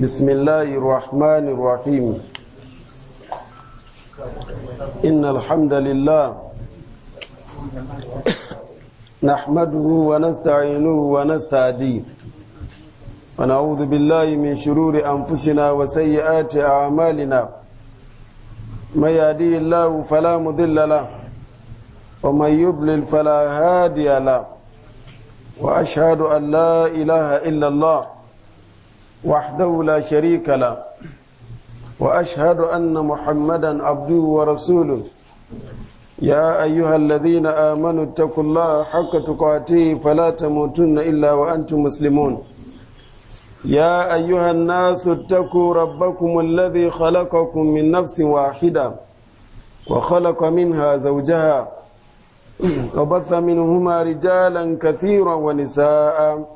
بسم الله الرحمن الرحيم إن الحمد لله نحمده ونستعينه ونستهديه ونعوذ بالله من شرور أنفسنا وسيئات أعمالنا من يهدي الله فلا مضل له ومن يضلل فلا هادي له وأشهد أن لا إله إلا الله وحده لا شريك له وأشهد أن محمدا عبده ورسوله يا أيها الذين آمنوا اتقوا الله حق تقاته فلا تموتن إلا وأنتم مسلمون يا أيها الناس اتقوا ربكم الذي خلقكم من نفس واحدة وخلق منها زوجها وبث منهما رجالا كثيرا ونساء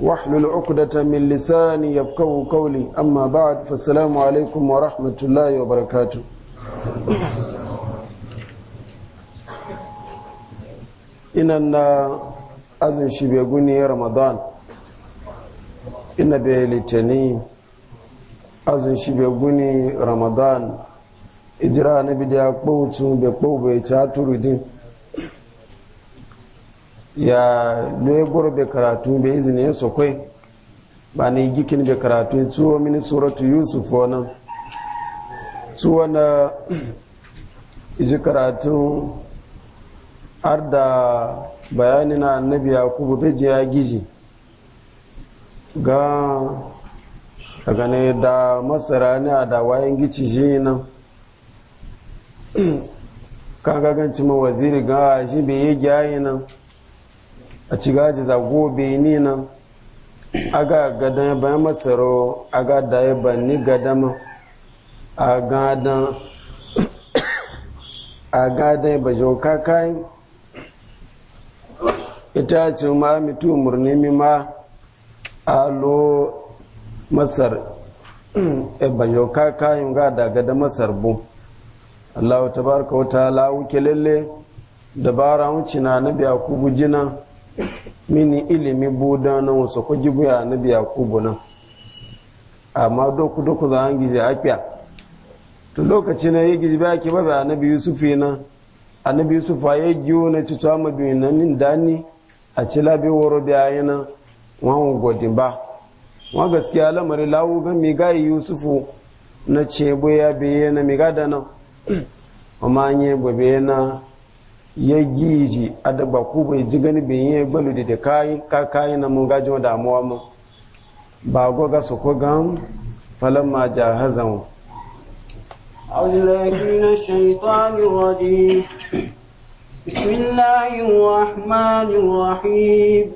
واحلل عقدة من لساني يفقه قولي أما بعد فالسلام alaikum wa الله وبركاته ina na azun shi bai guni ramadan ina bai litani azun shi bai guni ramadan ijira na bidiya kpautu bai kpau bai ca turudin ya lagor bai karatu bai izini su kwai ba ne gikin bai karatu tuwo mini suratu yusuf wannan tuwo na iji karatu har da bayani na annabi yakubu bai je ya gizi ga daga ne da masara ne a da wayan gici shi nan kan gaganci waziri ga shi bai yi gyayi nan a ci gaji za gobe ni nan aga gadan bayan masaro da ya ba ni gadama a gadan a gadan ba jo kakai ita ce ma mitu murni mi ma a lo masar e ba jo kakai ga da gadan masar bu Allah ta wa wata lawuke lalle dabara wuce na nabi akubu jina mini ilimi buda na wasu ko jibu na biya kogo nan amma doku doku za an gizi akya to lokaci na yi gizi ba ba na biyu sufi na annabi yusuf ya giyo na ci tuwa madina nin dani a ci labi woro biya na wọn godin ba wa gaskiya lamarin lawo ga mi gayi yusufu na ce ya biye na mi da nan amma an yi gobe na ya giji a da ba ku bai ji gani bin yi balu da kayi kakayi na mun gajiyar damuwa mu ba goga su ko gan falon ma jahazan wa Allahina shaitani rajim Bismillahirrahmanirrahim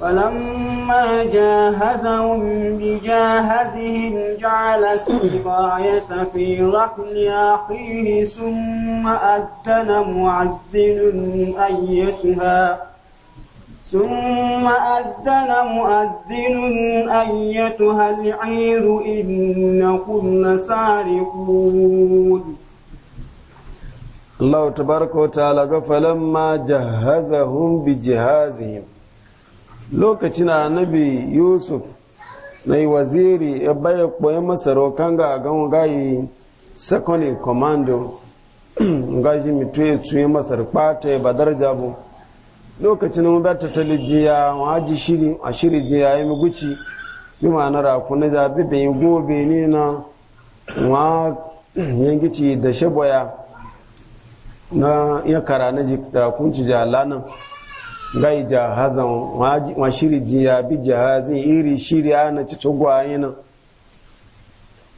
فلما جاهزهم بجاهزهم جعل السقاية في رحل أخيه ثم أذن معذن أيتها ثم أذن مؤذن أيتها العير إنكم لسارقون الله تبارك وتعالى فلما جهزهم بجهازهم lokacin annabi yusuf na yi waziri ya baya koyi masaro kan ga gan gayi second in commando gaji mitu ya tuye masar kpata ya badar jabo lokacin mu bata wa waji shiri a shiri jiya ya guci bi na raku na zabi bai yi gobe ne na wa yankici da shaboya na ya kara na rakunci jalanan gai jahazan wa shiri jiya bi jahazin iri shiri ana ci tsogwaye nan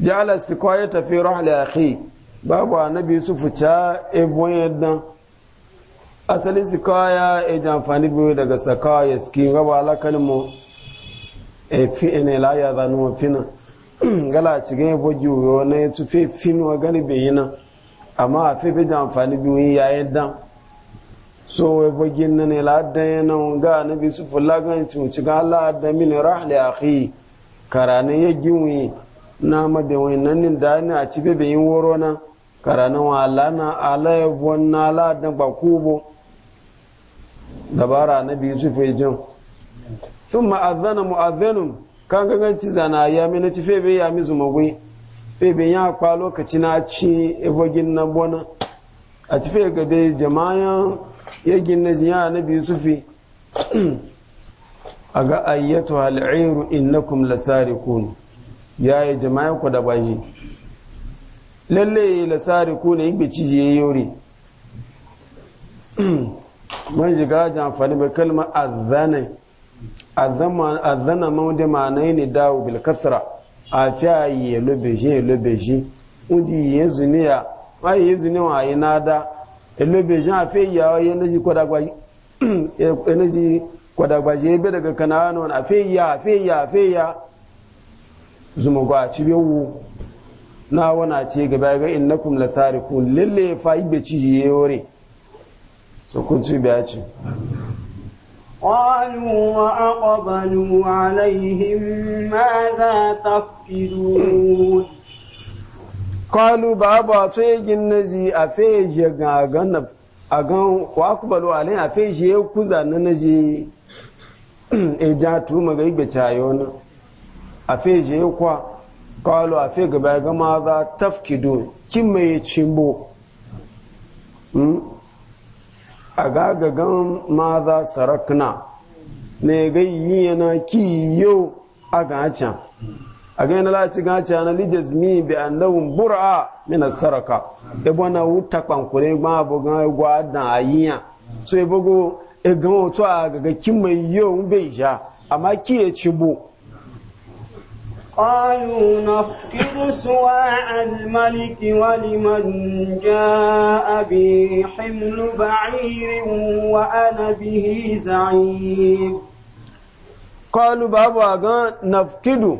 jala si kwaye tafi rahli akhi babu annabi su fuca ebon yadda asali si kwaya e jamfani biyu daga ya ski gaba alakalin mu e fi ene la ya zanu fina gala cikin ga ebo juyo ya tufe fina wa gani bayina amma a fi bi jamfani biyu yayin dan so we bagin na ne ladda yana ga na bi su fulla ga ci ci ga da min rahli akhi karana ya giwi na ma wai nan ni da ni a ci be yin woro na karana wa lana ala wonna ladda ba kubo dabara na bi su fe jin thumma adhana mu'adhdhinun kan ga ganci zana ya mi na ci fe be ya mi zuma gui fe be ya kwa lokaci na ci e bagin na bona a ci fe ga be yagin na jiya na biyu sufi a ga ayyatu al'iru innakum lasarikun ya yi jama'a ku da baji lalle lasarikun yin bici je yore man jiga jamfani bai kalma azanai azana mawude ma'anai ne dawo bilkasra a fiya yi lobeji lobeji wudi yi ya, ma yi zuniya wa yi nada elobe jean afe ya yanaji kwadagwaji daga kanano na afe ya afe ya afe ya zuma gwa ci bewu na na ci gaba ga innakum lasarikun lalle fa ibe e so kun ci biya ci قالوا وأقبلوا عليهم ماذا تفقدون kalu ba ba to ya gina zi a fe je ga gan a gan wa ku balo ale a fe ya ku za na na je e ja tu ma ga igbe chayo na a fe je kwa kalu a fe gaba ya ga ma za tafkidu kin mai cimbo a ga ga gan ma za sarakuna ne ga yi yana ki yau a ga can a ga yana lati ga ci hana lijas mi bi an bura min saraka e bwana wuta kwan kure ma bo ga e gwa da ayiya so e bugo e ga mo to a ga kin mai yo un be ja amma ki e ci bu qalu nafkidu su'a al-malik wa liman jaa bi himlu ba'ir wa ana bihi za'ib qalu babu gan nafkidu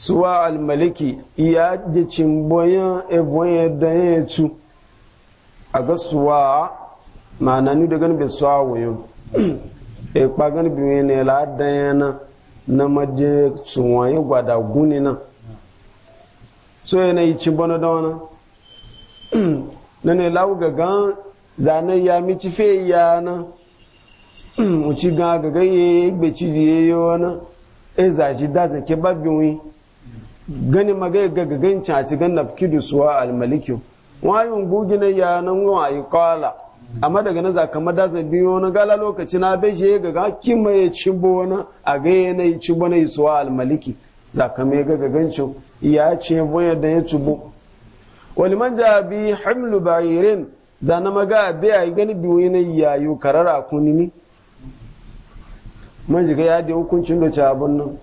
suwa almaliki ya ji cimboyin ebonyi da ya cu a ga suwa ma ni da gani bai suwa wuyin e kpa gani bi ne la dan na na maje suwa yi gwada guni na so ya na yi cimbono da wani na ne lawu gagan zane ya mici fe ya na uci gan gagaye gbe ci ya yi wani e zaji da zake babin wuyi gani magai ga gagan caci gan nafkidu suwa almalikiyo wayun gugina ya nan wa yi kala amma daga na zakama da zan biyo na gala lokaci na beje ga ga kima ya ci bona a ga yana yi ci bona suwa almaliki zakama ya ga gagan ya bo bonya da ya ci bo wani manja bi hamlu bayirin zana maga biya yi gani biyu yana yayo karara kunini manjiga ya da hukuncin da ci abun nan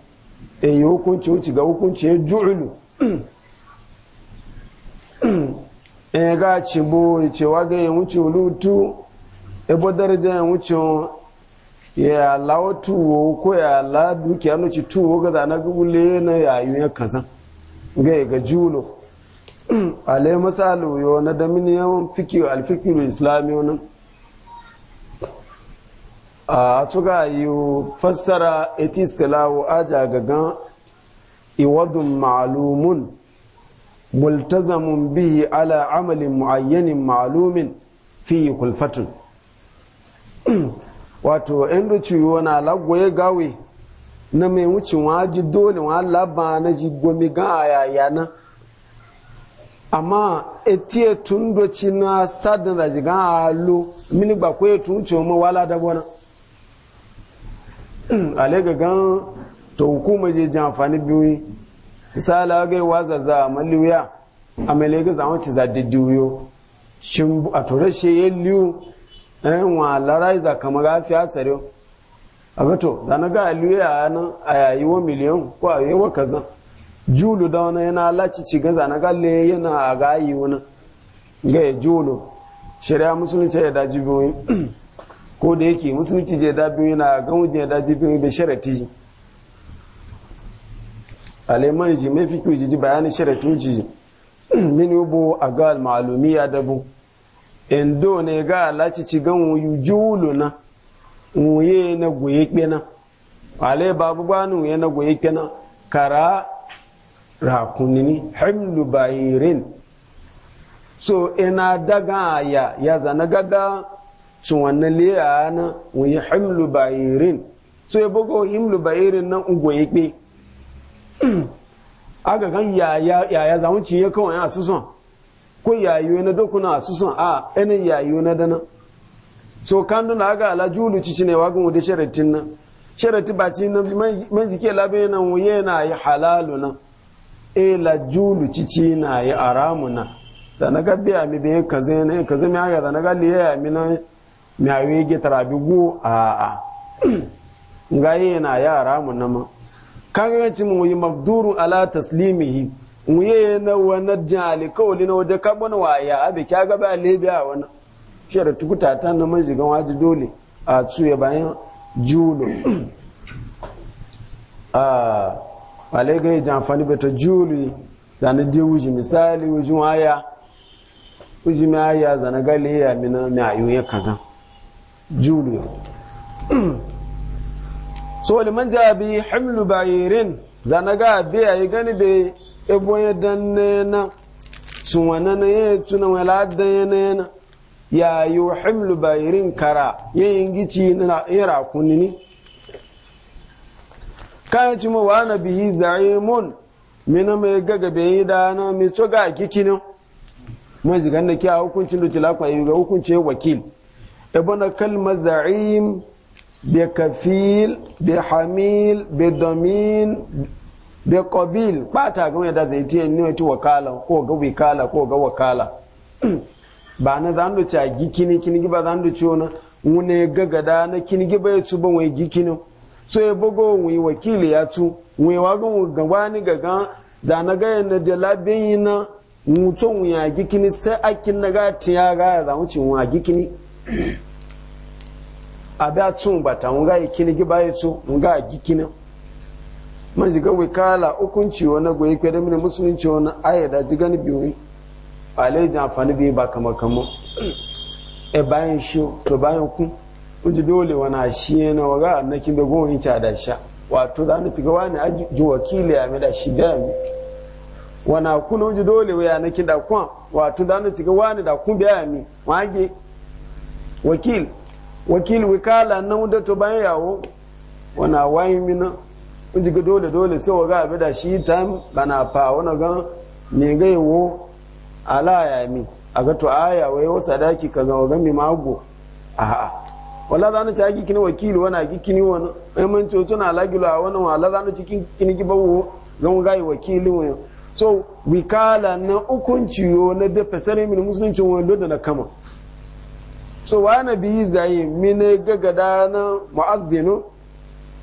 eyi eh, hukunci wuce ga hukunci ya ju'ulu e ga ci ce wa ga ya wuce lutu e bo daraja ya wuce ya lawo tuwo ko ya la dukiya na ci tuwo ga zana na gule na yayu ya kaza ga ga julo alai masalu yo na damini yawan fikiyo alfikiyo islami wannan a tuga yi fassara iti stilawo aja gagan iwadun ma'alumun multazamun bihi ala amalin mu'ayyanin ma'alumin fi kulfatun wato inda ciwo na lagwaye gawe na mai wucin waji dole wa laba na ji gomi gan a na amma etiye tun doci na sadin da ji gan a lo mini ba kwaye tun ma wala da Hmm, ale ga gan to hukuma je ji amfani biyu misala ga wa zaza a mele ga zama ci za didiyo shin a tore shi ye liu eh wa larai za kama ga fi atsare a ga to na ga liya nan a yayi wa miliyan ko a yi wa kaza julu da wani yana laci ci ga zana ga le yana a ga yi wani ga julu shari'a musulunci ya daji biyu ko da yake musulunci je da biyu na gan je da ji biyu be sharati aleman ji mai fi kuji ji bayanin sharatu ji min yubo a ga ma'alumiya da bu do ne ga alaci ci gan wuyu julu na wuye na goye kena ale babu banu ya na goye kena kara rakunini himlu bayirin so ina daga ya ya zana gaga cin wannan lera na wani himlu bayirin so ya bugo himlu bayirin nan ugo ya kpe aga kan yaya zamun cin ya kawai a susan ko yayo na dokuna a susan a ɗanin yayo na dana so kan nuna aga alajulu cici ne wagon wadda sharatin nan sharatin ba ci na man jike labe nan wuye na yi halalu nan e lajulu cici na yi aramu nan da na gabbe a mi bai kaze ne kaze mi aga da na galliya ya mi nan mi a wege tarabi gu a a nga yana yara mu na ma kaga ci mu yi mabduru ala taslimihi mu ye na wani jali kawali na wajen kabon waya abe kya gaba lebe a wani shara tukuta ta na jigan waji dole a tsuye bayan julo a alaga ya jamfani bata juli zane dai wuji misali wujin waya wuji mai aya zane gale ya mina mai ayoyin kazan juriya so wani manja bi hamlu bayirin zanaga bi a yi gani da ebo ya dan na sun wani na ya tuna wala na yana ya yi wa hamilu bayirin kara yayin gici na rakuni kunini kayan ci mawa na biyi za'imun mina mai gaga bai yi da na mai tsoga a kikinin majigan da kya hukuncin da tilakwa yi ga hukuncin wakil ابن كلمة زعيم بكفيل بحميل بضمين بقبيل باتا كما يدا زيتي ni وتي وكاله كو غا وكاله كو غا wakala, ba na zan da ci a gikini kinigi ba zan da ci wani wune gagada na kinigi ba ya ci wai gikini so ya bugo wakili ya ci wani wagon gaba ni gaga na gaya na da labin yi na mutum ya gikini sai akin na gati ya gaya ci gikini abia a tun bata nga ikini gi giba ya tso nga a man kini man jiga wikala hukunci wani goyi kwere mini musulunci wona aya da jiga ni biyu alejin amfani bi ba kama kama e bayan shi to bayan ku kunji dole wani shi yana waga annakin da goma yin da sha wato za ni ciga wani aji ji wakili ya mi da shi da mi wana kuna kunji dole waya yanakin da kwan wato za ni ciga wani da kun biya mi wage wakili wakil wikala na wuda to bayan yawo wana wayin mina kun ji dole dole sai waga abi da shi time bana fa wani gan ne ga yawo ala ya mi aga ga to aya wai wasa daki kaza waga mi mago a'a wala zanu ta gi kini wakili wana gi kini wani ai mun to tuna lagila wani wala zanu cikin kini gi bawo zan ga wakili wani so wikala na hukunci yo na da fasare min musulunci wani da na kama so wa na bi zayi mine gaga da na mu'azzinu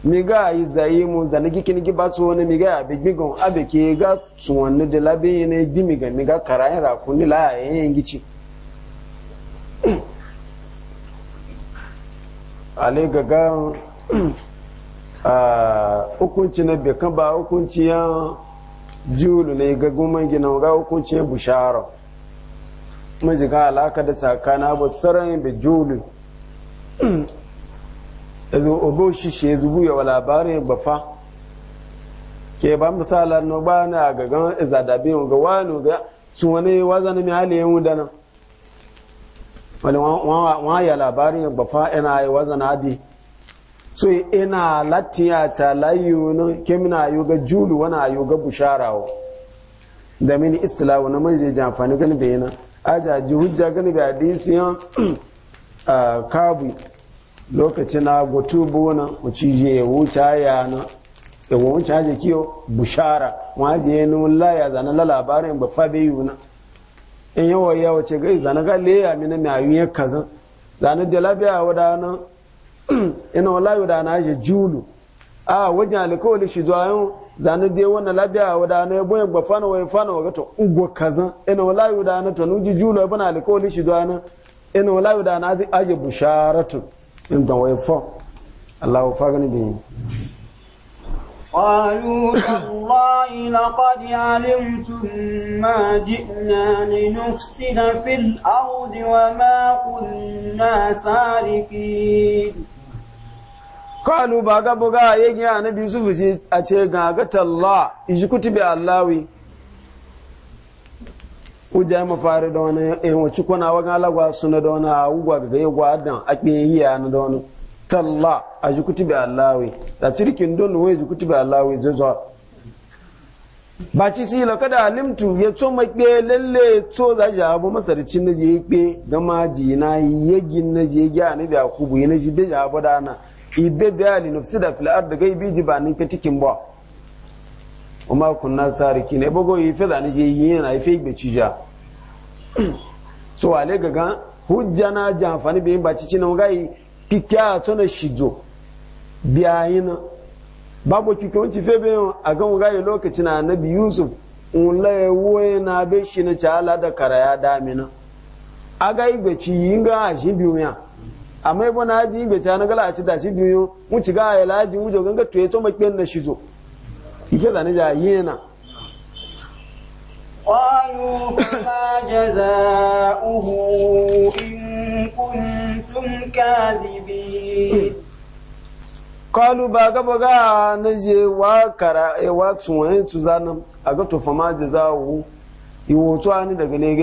mi ga yi zayi mu da nigi kini gi ba tso ne mi ga abi gbigon abi ke ga tsuwan ne de labi ne gbi mi ga mi ga karayin ra kun ni la yin gici ale gaga a hukunci na bekan ba hukunci yan julu ne ga goma gina ga hukunci bushara majiga alaka da tsakana ba saran da julu ezo obo shishe zubu yawa labarin bafa ke ba misala na ba na gagan izadabe ga wani ga su wani waza na hali yau wuda nan wani wa ya labarin bafa ina yi na adi so ina latin ya ta layu na kemina yu ga julu wani ayo ga busharawo da mini istilawo na manje jamfani ganin bayanan ajaji hujja gani ga hadisiyan kabu lokacin na gotu bona ucije ya wuce ya na ya wuce aje kiyo bushara waje ya nun laya zana la labarin ba fa bayu na in yawa ya wace gai zana ga leya mina mai ya kaza zana da labiya wada na ina wala yuda na aje julu a wajen alikawali shi zuwa yau zanu de wona labia wada na boyen ba fana wa fana wa gato ugo kaza ina wala yuda na to nuji julo ibn alkoli shi dana ina wala yuda na aji aje busharatu in da wa fa Allahu fagani bi قالوا تالله لقد علمتم ما جئنا لنفسد في وما كنا kalu ba ga buga ya gina annabi yusuf ce a ce ga ga talla iji kutubi allawi uja ma fara da wani eh wacce kona wa ga lagwa suna da wani agwa ga ya gwa dan a yi ya na da wani talla a ji kutubi allawi da cirkin don wai ji kutubi allawi zuwa ba ci ci la kada alimtu ya to ma kpe lalle to za ji abu masarci na je kpe gama ji na yegin na je ya ni bi akubu ya na ji be ja da dana ibe biya li nufsida fil ard gai biji ba ni fitikin ba kuma kunna sariki ne bogo yi fe n'i je yin na fe gbe cija so wale gaga hujja na ja amfani bi ba ci cinan gai kikya na. shijo biya yin babu kikon ci fe be a gan lokaci na nabi yusuf ule woye na be shi na Ala da karaya damina aga igbe ci bi ajibiuya amma ibo na haji be ta na gala a da ci biyu mu ci ga ya laji mu jogan ga tuye to makiyan na shizo ike da ni ja yena qalu ma jazaohu in kuntum kadibin qalu ba ga ba ga na je wa kara e wa tuwan tu zanan a ga to fa ma jazaohu iwo to ani daga ne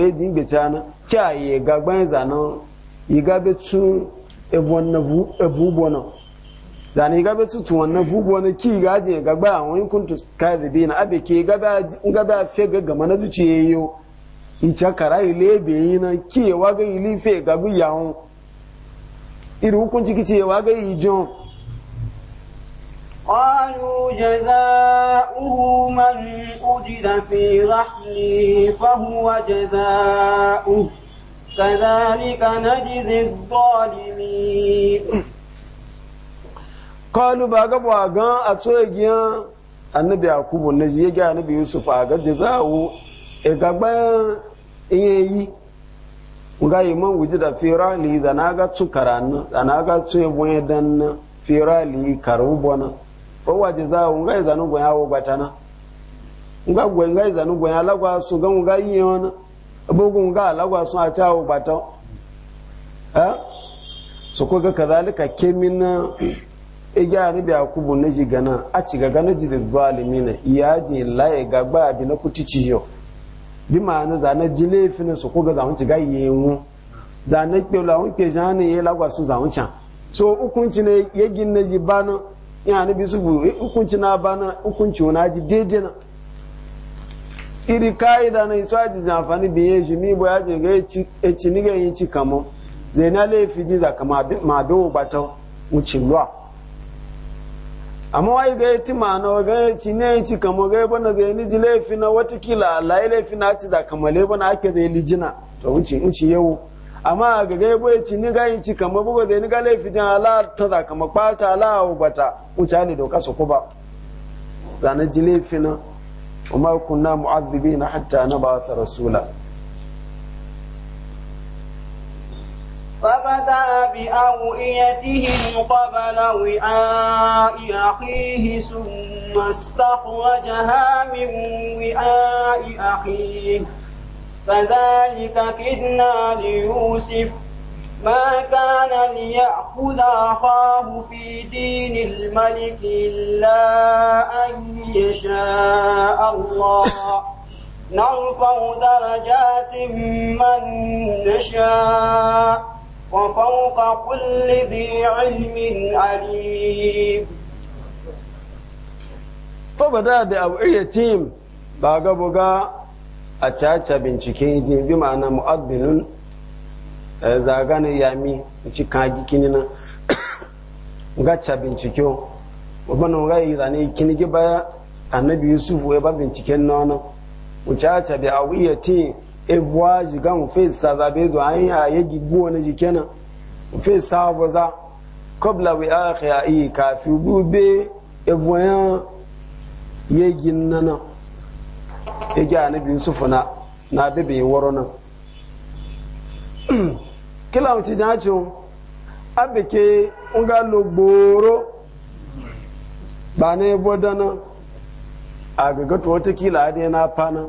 ga be ebon na vu evu bona ga be tutu wanna vu bona ki ga je ga ba won kuntu na abe ke ga ba ga ba fe ga ga mana zuciye yo icha kara ile be yina ki wa ga ili fe ga bu ya won iri hukunci kici wa ga ijon قالوا جزاؤه من أجد في رحله فهو جزاؤه كذلك نجزي الظالمين قالوا باغا باغا اتوغيا annabi yakubu na ya ga annabi yusuf a ga jazawo e ga bayan yi nga yi man wuji da firali zana ga tu karan zana ga tu yabo dan firali karu bona ko wa jazawo nga yi zanu gwa yawo batana nga gwa nga yi zanu gwa lagwa su ga nga yi wani bugun ga alagwa sun a cawo batan ha su kuga kazalika kemin na igya ni biya kubu na ji gana a ci ga gana ji da zalimi na iya ji laye ga ba abi na kuti ci yau bi ma na za ji laifin su kuga za mu ci ga yewu za na kpela hun ke jan ne ya lagwa sun za mu can so hukunci ne yagin na ji bana ya ni bi su hukunci na bana hukunci na ji daidai na iri ka'ida na ito aji jamfani biye shi mi bo yaji ga eci ni ga yin ci kamo zai na laifi ji zaka ma bi wo bata wucin luwa amma wai ga eti ma na ga eci ne yin ci kamo ga yabo na zai ni ji laifi na watakila layi laifi na ci zaka ma laifi na ake zai lijina to wucin wucin yawo amma ga ga yabo eci ni ga yin ci kamo bugu zai ni ga laifi jan ala ta zaka ma kpata ala wo bata wuce ne doka su kuba zane ji laifi na وما كنا معذبين حتى نبعث رسولا فبدا بأوئيتهم قبل وعاء أخيه ثم استخرجها من وعاء أخيه فذلك كدنا ليوسف ما كان ليأخذ أخاه في دين الملك إلا أن يشاء الله نرفع درجات من نشاء وفوق كل ذي علم عليم فبدأ بأوعيتهم باقبقى أتاتا بن شكيجي بمعنى مؤذن zaga na yami ci kagi kini na ga ca bincike wabana ga yi zane kini gi baya annabi yusuf wai ba binciken na wani wuce a cabi a wuya ti evuwa jiga mu fe sa zabe zuwa an yi a yagi buwa na jike na fe sa ba za kobla wi aka ya iya kafi bube evuwa ya yagi nana yagi annabi yusuf na na bebe waro na. kila àwọn ti jẹ́ àjò abèké ń ga lo gbòòrò gbà ní ẹbọ dáná tó wọ́n kí làádé náà paná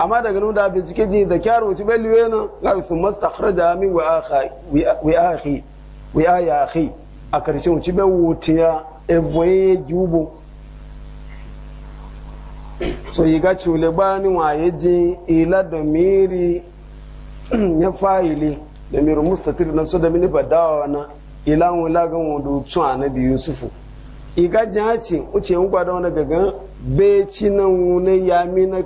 amma daga nuna bincike jini da kyara wuce bai liwe na ga su masta kharaja min wi aya akhi a karshen wuce bai wuce a evoye jubo so yi ga cule ba ni waye ji ila da miri ya fa'ili da miru mustatir na su da mini badawa na ila mu la ga mu du tsu anabi yusufu iga jaci uce n gwada wani gagan beci na wune ya mi na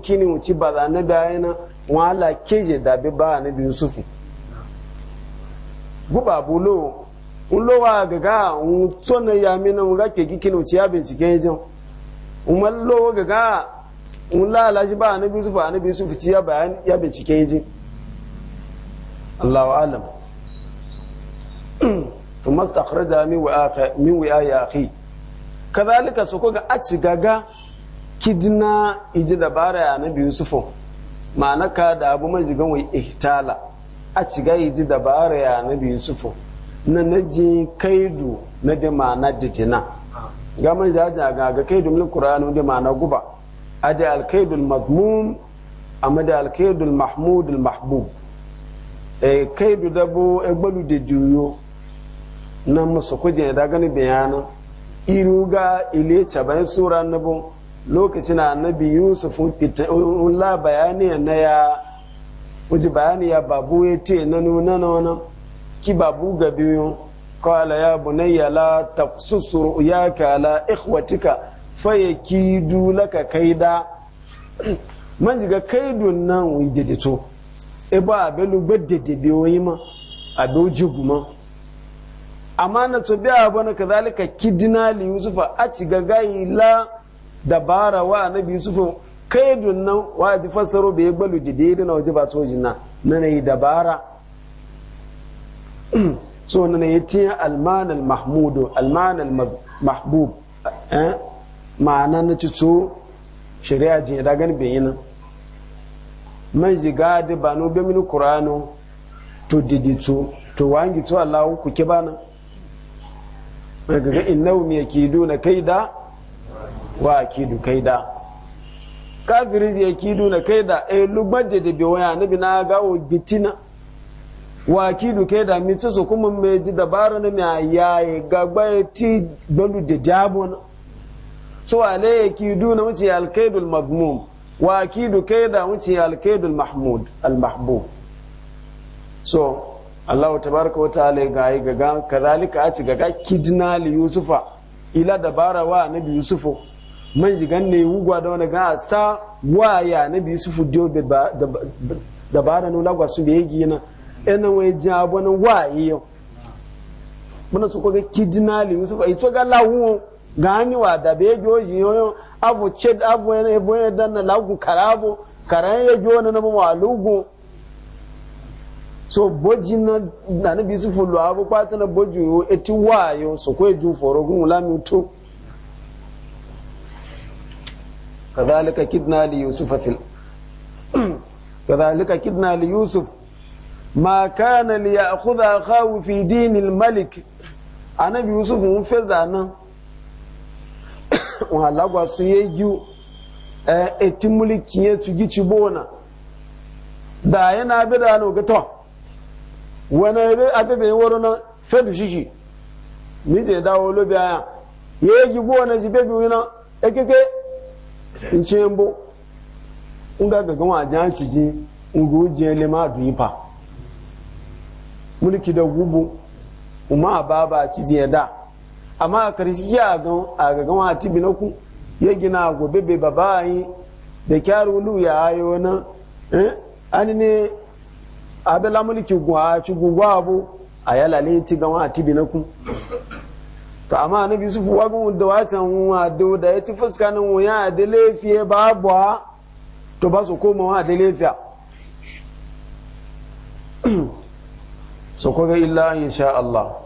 kini uci ba za na bayan na wala keje da bi ba anabi yusufu guba bulo un lowa gaga un tsona ya mi na wura ke gi kini uci ya bincike jan umar lowa gaga un lalashi ba anabi yusufu anabi yusufu ci ya bincike Allah wa alam tun mastakhraja min wi'a ya akhi kadhalika su kuga a ci gaga kidna iji dabara ya nabi ma'ana ka da abu mai jigan wai ihtala a ci ga iji dabara ya nabi yusufu na naji kaidu na da ma'ana didina ga man jaja ga ga kaidu min qur'ani da ma'ana guba ada al-kaidul mazmum amma da al-kaidul mahmud al-mahbub Kaidu eh, kai du dabo e de juyo na musu kuje da gani bayana iruga ile caban sura nabon lokacin annabi yusuf la bayani na ya uji bayani ya babu ya ce na nuna na ki babu ga biyu kala ya bunayya la taqsusu ru'yaka ala ikhwatika fayakidu laka kaida man jiga kaidun nan eba abelu gbedede bi oyi ma abe ojugu ma amma na to bi abu na kazalika kidina li yusufa a ci gagayi la dabara wa annabi yusufa kai dunnan wa ji fasaro bai gbalu dide na waje ba toji na na na yi dabara so na na yi tiya almanal mahmudu almanal mahbub eh? ma'ana na ci to shari'a jin da gani man ziga da ba no bi mini qur'anu to didi to to wangi to Allah ku ke bana daga innahum yakiduna kaida wa akidu kaida kafiri yakiduna kaida e lugbaje da bi waya bi na ga o bitina wa akidu kaida mi to so kuma me ji dabara na mi ayaye gagba e ti gbolu de na? so ale yakiduna wuce alkaidul mazmum wa akidu kaida wuce alkaidu mahmud Al al-mahbu so allahu tabaraka wa ta'ala ga yi gaga kazalika a ci gaga kidna li yusufa ila dabara wa nabi yusufu man ji ne wugwa da wani ga sa wa ya nabi yusufu dio dabara no lagwa su bi yi na ena we abu na wa yau muna su ko ga kidna li yusufa ito ga lawo gani wa da be joji abu ce abu yana ebo ya danna lagu karabo karan ya gyo na namu alugu so boji na nani bi su fulu abu kwata na boji yo eti wayo so ko eju foro gun lami to kadhalika kidna li yusuf fil kadhalika kidna li yusuf ma kana li ya'khudha akhahu fi din al malik anabi yusuf mun fezana wọn alagwa ye ya eh, yi eti mulki ya tugi ci bona da yana na da no gato wani ebe abe bai waro na fedu shishi nije dawo lobi aya ya yi na ji bebi wina ekeke nce nga gaga wa jan ci ji ngu je le ma du ipa mulki da gubu umma baba ci je da amma a karshe gan a tibi na ya gina gobe bai baba yi da kyaru lu ya ayo na eh ani ne abela mulki gwa ci gugwa abu a yala le ti gan a tibi na to amma annabi yusuf wa gun da watan wa do da ya ci fuska nan wa ya da lafiye babu to ba su koma wa da lafiya so ko ga illa insha Allah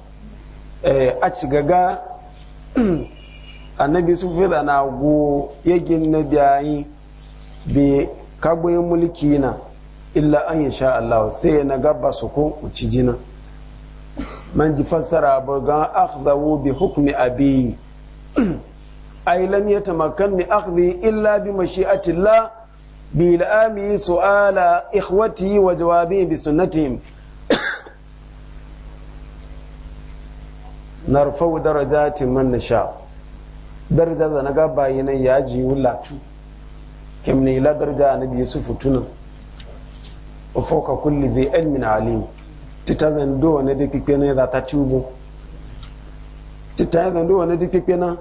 Eh, a ci gaga annabi su fi da na go yagin na biyayi bi kagbayin mulki na illa an yi sha Allah sai na ba su ko uci jina man ji fassara ba ga akhzawu bi hukmi abi ay lam yatamakkan ni akhdi illa bi tilla bi ilami su'ala ikhwati wa jawabi bi sunnatihim narfau darajatin man sha, daraja da na gaba yana ya ji wulatu kimni ila daraja annabi yusufu tunan ka kulle kulli dhi ilmin alim titazan do ne de kikene da ta tubu titazan do ne de na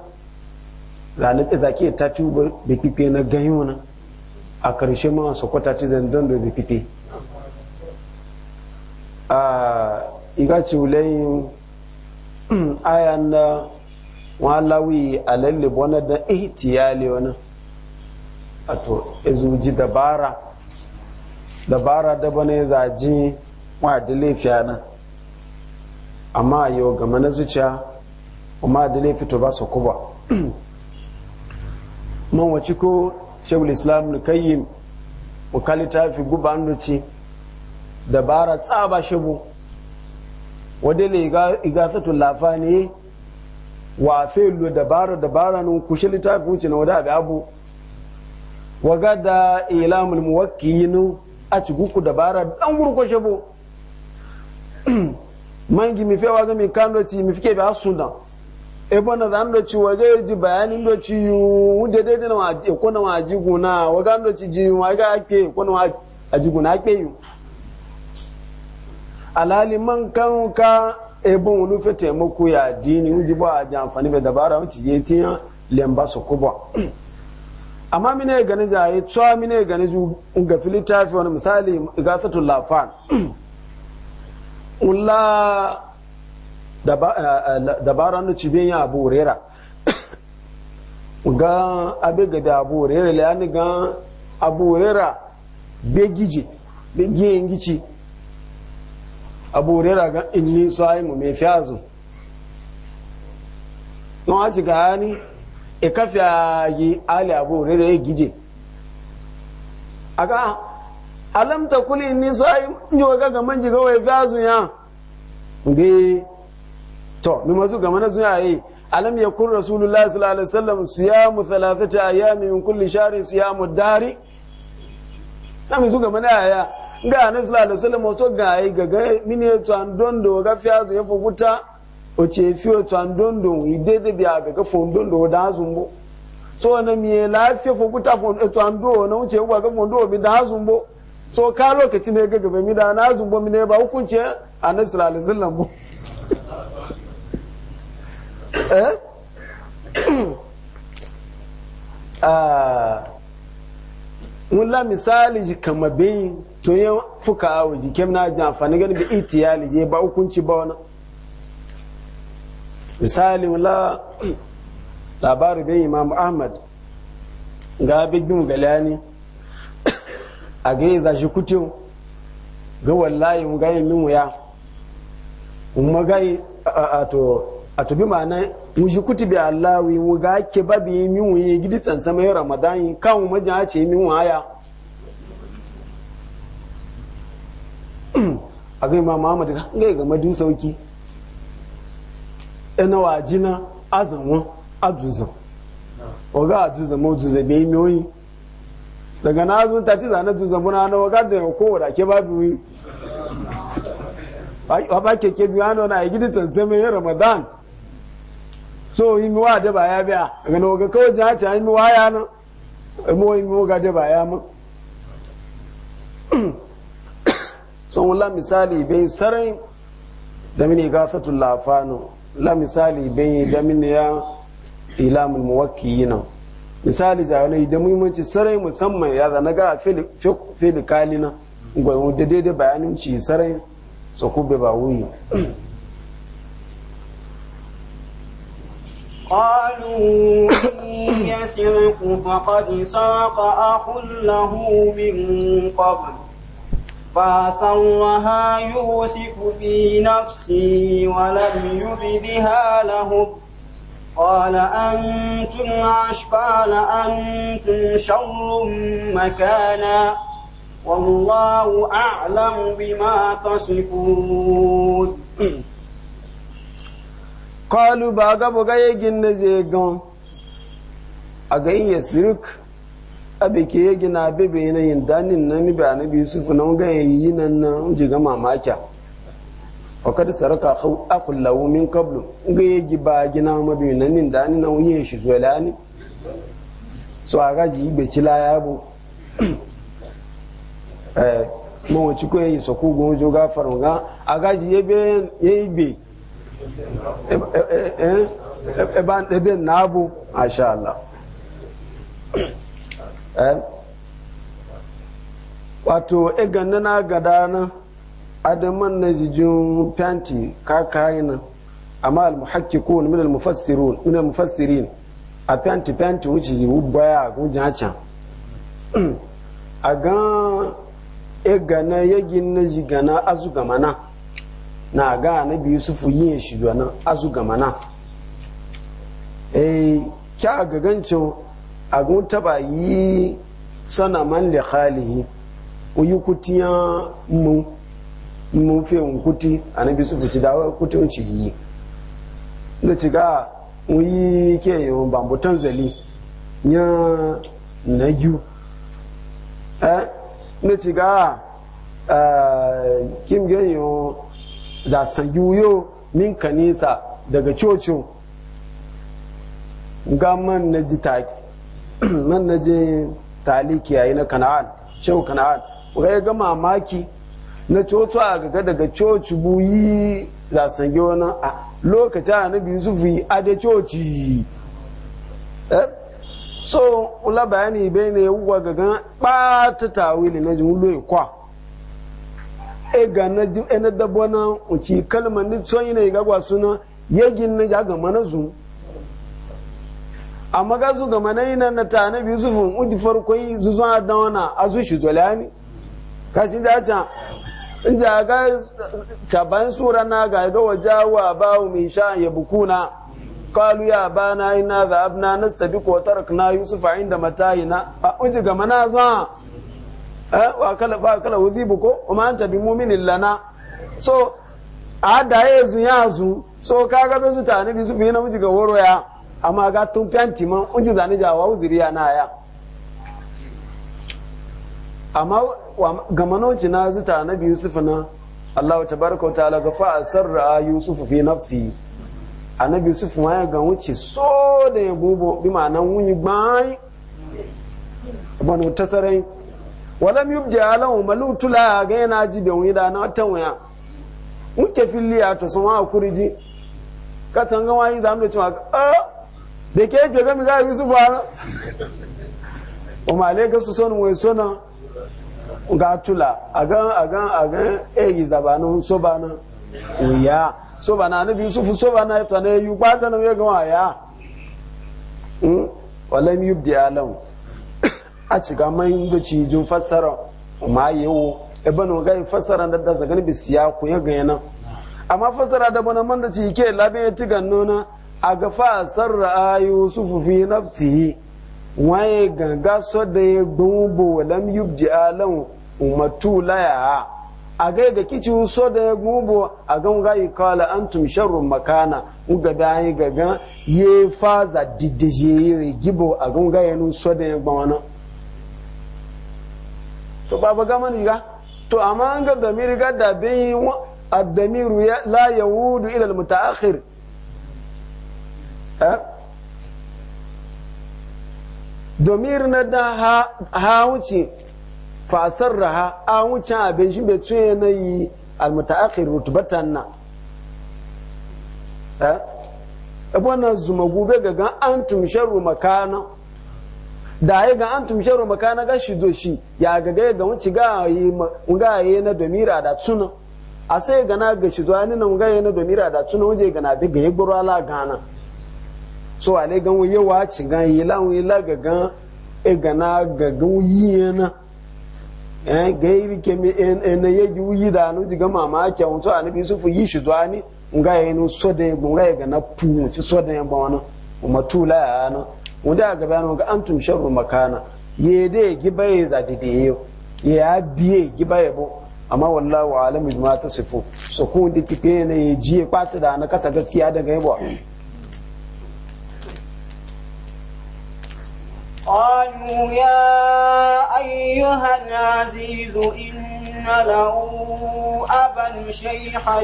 da ne zaki ta tubu na kikena gayuna a ƙarshe ma su kwata tizan don da de a ah, igaci wulayin Hmm, aya na wọn lawi alalle bwana da ihtiyali wani ato ezuji dabara dabara da ne zaji wa da laifiya nan amma yau game na zuciya kuma da laifi to ba su kuba man waci ko shekul islam na kayyim wakali ta fi guba dabara tsaba shabu wadele lafa lafani wa felu dabara dabara nun kushe littafi wuce na wadda abu wa da ilamul muwakkiyinu a ciguku dabara dan gurgo bu mangi mi fewa ga mi kando ci mi fike ba suna e bona dan do ci waga ji bayanin do ci yu de de na waji e ko na ji guna waga do ci ji waga ake ko na waji guna ake yu alali man kan ka ebon wulu fe taimako ya dini wuji ba a ji amfani bai dabara wuce je tiyan lemba su kuba amma mine gani za a e yi tsawa mine gani zu ga fi wani misali ga satu lafan ula dabara na ci biyan abu rera ga abe gabi abu rera lani ga abu rera begije begiyen gici abu rera ga inni mu me fiyazo no a cika hani e kafiya yi ali abu rera ya gije aga alam ta kuli inni sai in ji ga manji ga wai fiyazo ya be to mi mazu ga na zuwa yi alam ya kun rasulullahi sallallahu alaihi wasallam siyamu thalathati ayami min kulli shahri siyamu dari na mi zu gama na aya nga anabi sallallahu alaihi wasallam oto gai gaga mini etu andondo ga fiazu yefo kuta che fi otu andondo idede bia gaga fondondo da mbo so na mi lafiya fo kuta fo etu ando na che wa ga fondo bi da azumbo so ka lokaci ne gaga ba mi da na mbo mi ne ba hukunce anabi sallallahu alaihi wasallam eh ah wula misali ji kama bin to yin fuka awo ji kem na ji amfani gani bi iti itiyali je ba hukunci ba wani misali wula labari bin imam ahmad ga bigin galani a ga yi zashi kutu ga wallahi mu ga yi min wuya mu ga yi a to bi ma'ana wuji kuti bi Allah wi wuga ke babi mi wuyi gidi tsansa mai Ramadan kan mu maja ce mi waya a ga Imam Muhammad ga ga madu sauki ina wajina azanwa ajuzan waga ajuzan mo juza be mi oyi. daga na azun ta ci zana juzan buna na waga da ko da ke babi wi wa ba ke ke biya na gidi tsansa mai Ramadan so yi mi wa da ba ya biya ga na ga kawai jihar ta yi mi wa ya na mo yi mi ga da ba ya ma, so la misali bai sarai da mini gasatul lafano la misali bai da mini ya ilamul muwakkiyina misali yi da muhimmanci sarai musamman ya zana ga fili kalina gwaiwu da daidai bayanin ci sarai so kube ba wuyi قالوا إن يسرق فقد سرق أخ له من قبل فأسرها يوسف في نفسه ولم يبدها لهم قال أنتم عش أنتم شر مكانا والله أعلم بما تصفون qalu ga ya yegin na zegon a ga iya sirik a beke yegin na bebe na yin danin na ni ba na biyu sufu na ga yi nan na ji ga mamaki wa kada saraka akullahu min qablu ga yegi ba gina mabi nan nin danin na yin shi zuwa so a gaji ibe cila ya bu eh mo ci yi so ku ga faru gafar ga a gaji yebe eban ɗaben na abu masha Allah eh? wato Egana na gada na adaman na zijin fenti kakayi na amma almuhakkikun min almufassirun min almufassirin a fenti fenti wuce yi ya gujin can a gan egan na yagin na zigana azu na? na ga anabi yusufu yin ya shi nan azu gama na eh kya ga gancin a gun taba yi sana man da khalihi uyi kutiya mu mu fe un kuti anabi yusufu ti dawo kuti un yi da ci ga uyi ke yi bambutan zali nya na yu eh ne ci ga eh, kim ganyo za su yuyo min kanisa daga cocin ga man na ji man na je taliki yayi na kana'an shehu kana'an ga ga mamaki na coco a gaga daga coci buyi za su yi wani a lokaci a na biyu zufu yi a da coci eh? so ula bayani bai ne gagan gaga ɓata tawili na jin kwa. ikwa e ga na ji ene dabo na uci kalma ni tsoyi ne ga gwa suna yegin na ja ga mana zu amma ga zu ga mana yi na ta na biyu zufu uji farko yi zu zuwa da wana azu shi zolani kashin da ta ja ga caban sura na ga ga ba bawo mai sha ya bukuna قالوا يا أبانا إنا ذهبنا نستبق وتركنا na a uji أجي كمان zuwa. Eh, wa kala fa udhibu ko wa ma bi mu'minin lana so a da ya zu ya zu so kaga be su ta ne bi su na miji ga woro ya amma ga tun pianti man uji zani ja wa uziri ya na ya amma ga manoci na zuta na nabi yusuf na Allah ta baraka ta'ala ga fa sarra yusuf fi nafsi annabi yusuf ma ga wuce so da ya bubo bi ma'anan wuni gbai bano tasarai walam yubdi alahu malu tula ga yana ji be na watan waya muke filliya to sun kuriji kasan san ga cewa a ah, da ke ke ga mi ga o sona ga tula agan agan agan e eh, zabanu so bana uya so bana nabi a ciga man da ci fassara ma yiwu e ibn ugai fassara da da gani bisiya ku ya gayana amma fassara da bana man da ci ke labe ya ci na a ga fa sarra yusuf fi nafsihi waye ganga so da ya gumbo lam yubji alam umatu laya a gai ga kici so da ya gumbo a gan ga yi kala antum sharrun makana uga da yi gaga ye faza didije ye gibo a gan ga yanu so da ya gbawana to ba ga mani ga to amma ga damir ga da bai addamiru la yawudu ila mutaakhir ha eh? damir na da ha ha wuce fasar sarraha? a wuce a bai shi bai tuye na yi almutaakhir rutubatan na ha eh? abuwa na zumagu bai ga an tumsharu makana da ya ga antum sharu makana ga shi shi ya ga ga ga wuce ga yi ga na domira da tuna a sai ga na ga shi zo na ga yi na domira da tuna wuje ga na bi ga yegoro ala so ale ga wuye wa ci ga yi la wuye la ga ga e ga na ga ga na eh ga yi ke en e, na ye ji da no yi da wanda ga bayanu ga antum sharru makana ye de gibaye za dide yo ya biye gibaye bo amma wallahu alamu ma tasifu so ko da kike ne ye jiye kwata da na kasa gaskiya daga yabo قالوا يا أيها العزيز إن له أبا شيخا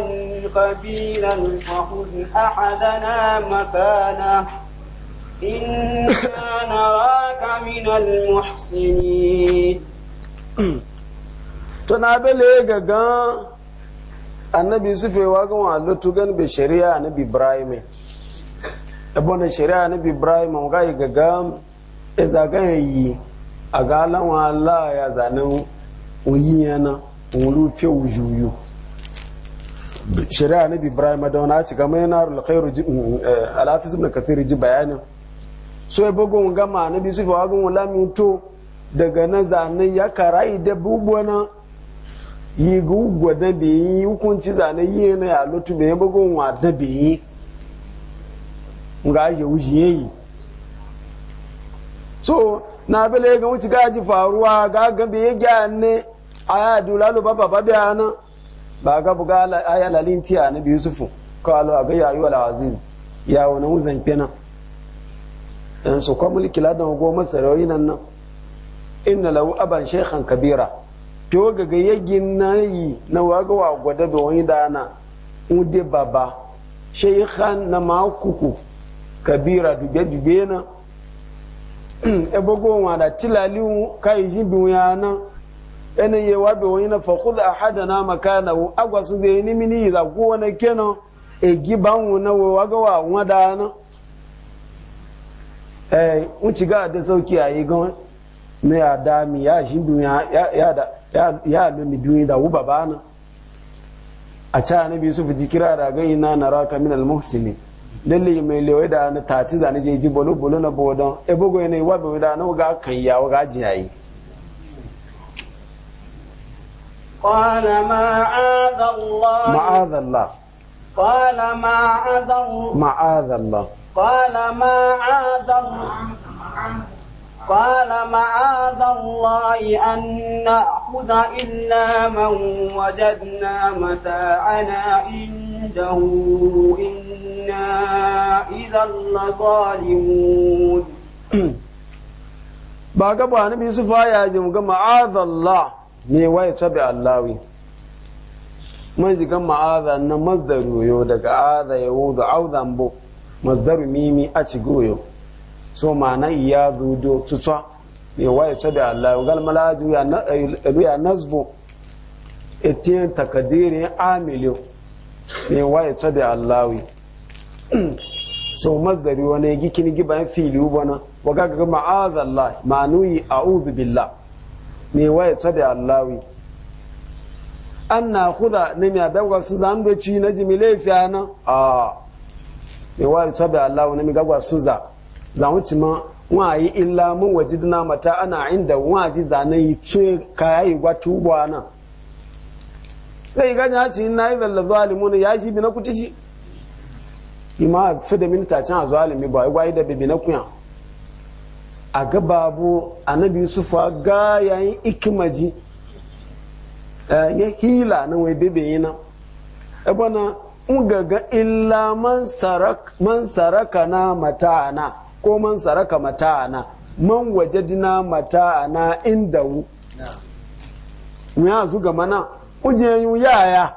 كبيرا فخذ أحدنا مكانه إنا bele من المحسنين gaga annabi sufewa ga walutu gan be shari'a annabi ibrahim ebo na shari'a annabi ibrahim ga yi gaga e zaga yi a ga lawan allah ya zanen oyi yana wuru fe wujuyu shari'a annabi ibrahim da wani a ci gama yana alhafiz ibn kasiri ji bayanin so ya bugun gama na bisu fa wagun wala mi to daga na zane ya karai da na yi gugwa da be yi hukunci zane yi na ya lutu be bugun wa da be yi ga je wuji yi so na bele ga wuci ga ji faruwa ga ga be ya ne aya dulalu baba babe ana ba ga buga aya lalintiya na bi yusufu kalu aga yayi wal aziz ya wani wuzan kenan in su kwa mulki ladan goma sarauyi nan nan inna lahu aban shaykhan kabira to ga yagin nayi na waga wa gwada da wani dana ude baba shaykhan na makuku kabira dube dube na ebo goma da tilali kai jin bi yana ene ye wa bi wani na khud ahadana makanahu agwasu zai ni mini za go wani kenan e giban na waga wa wadana eh unci ga a yi na ya da mi ya shi duniya ya lumi duniya da wuba bana a ca na biyu su fi kira da gani na na raka min almuhsini mai yi da na tati zane je ji bolo bolo na bodon e bugo ne wa da ga kan ya ga jiyayi قال معاذ الله معاذ قال ما عاد قال معاذ الله أن نأخذ إلا من وجدنا متاعنا عنده إنا إذا لظالمون ba ga ba nabi su ya ji ga ma'azallah me waye tabi allawi mai ji ga ma'aza na masdaru yo daga aza ya wuzu audan bo masdaru mimi a ci goyo so ma'ana iya zudo tutsa ne waye sabi Allah gal malaju ya na eh, ya nasbu etin takadirin amiliyo ne waye sabi Allah so masdari wani gikin giban fili bana waga ga ma'azallah manuyi a'udhu billah ne waye tabi ya an na kuda ne mai abin wasu zanbeci na jimi fiye nan a ah. iwari sobe allahu na Gagwa suza za wuce ma wa yi illa mun wajidna mata ana inda wa ji zane yi ce ka yi gwa tubuwa na sai ci na yi zalla zalimuna ya shi bi na kucici ima fi da minta can a zalimi ba ya gwayi da bibi na kuya a ga babu annabi yusuf ga yayin ikimaji eh, ya hila na wai bebe yana ebana gaga illa man saraka na mata'ana ko man saraka mata'ana man wajadina mata'ana inda wu ya zuga mana ujiyayu yaya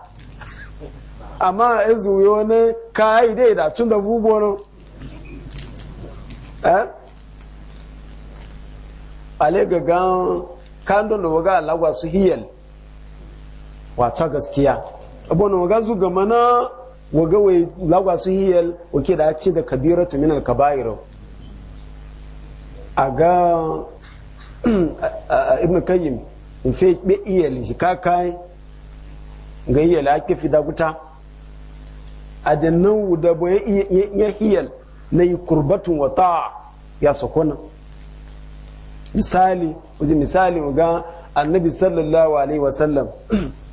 amma ya zuyo ne kayi dai da tun da bubono eh ale gagan kandun da waga alagwa su hiyal wata gaskiya abona waga zuga mana waga wai lagwa su hiyal wake da ci da kabira tu minal kabairo A ibn kayyim in fe be iyal shi kakai ga iyal ake fi daguta a da nan wuda bo ya hiyal na yi kurbatun wata ya sakona misali wajen misali waga annabi sallallahu alaihi wasallam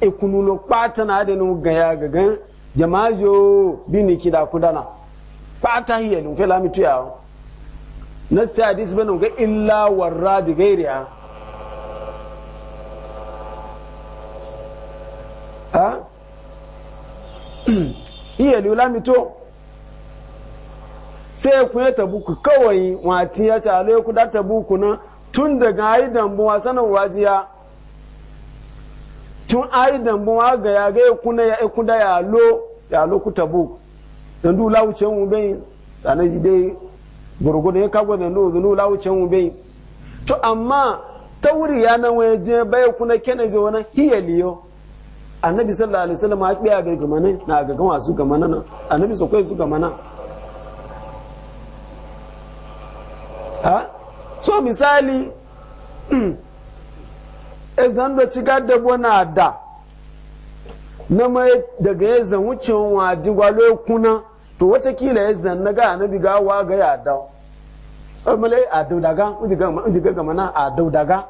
ikunulo kpata na adenu gaya gagan jama'a yo bi ni kida kudana kpata hiya lun fela mitu yawo na sai hadis banu ga illa warra bi gairiya ha iya lula to. sai ku ya tabuku kawai wati ya ta ku da tabuku na tun daga ayi dambuwa sanin wajiya tun ayi dambu ma ga ya ga kuna ya da ya lo ya lo ku tabu dan du mu bai sanan ji dai gurgudu ya kago dan du zunu lawu ce mu bai to amma tauri ya nan waye je bai kuna kene je wannan hiya annabi sallallahu alaihi wasallam ya kiya bai gama na ga gama su annabi kai su gama ha so misali ezan da ci gada bona da na mai daga ya zan wucin wa digwa lokuna to watakila ya zan na ga anabi gawa wa ga ya da amalai e, a daudaga unji ga gama na a daudaga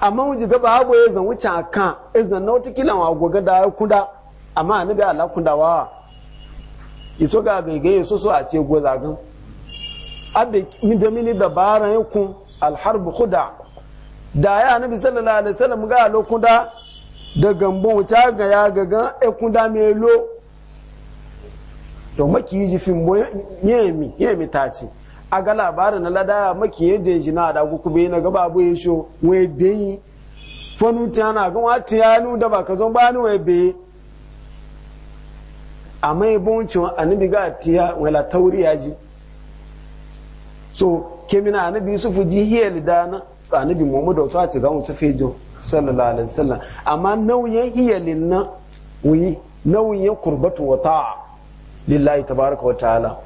amma unji ga ba ya zan wucin a kan ezan na watakila wa goga da ya kuda amma anabi ala kuda wa iso ga gaigaye so so a ce gozagan abin da mini dabaran yankun alharbu khuda da ya annabi sallallahu alaihi wasallam ga lokunda da gambo wuta ga ya gagan e kunda me lo to maki ji fin bo yemi yemi tace a ga labarin na lada maki yadda ji na da guku bai na gaba abu yesho we beyi fonu tiana ga wati yanu da ba ka zo ba ni we be amma ibon e cin annabi ga tiya wala tauriya ji so kemina annabi yusufu ji hiyal dana annabi muhammadu wato a cikin wasu fejin sallallahu alaihi wasallam amma nauyin hiyalin na wuyi nauyin kurbatu wa ta'a lillahi tabaraka wa ta'ala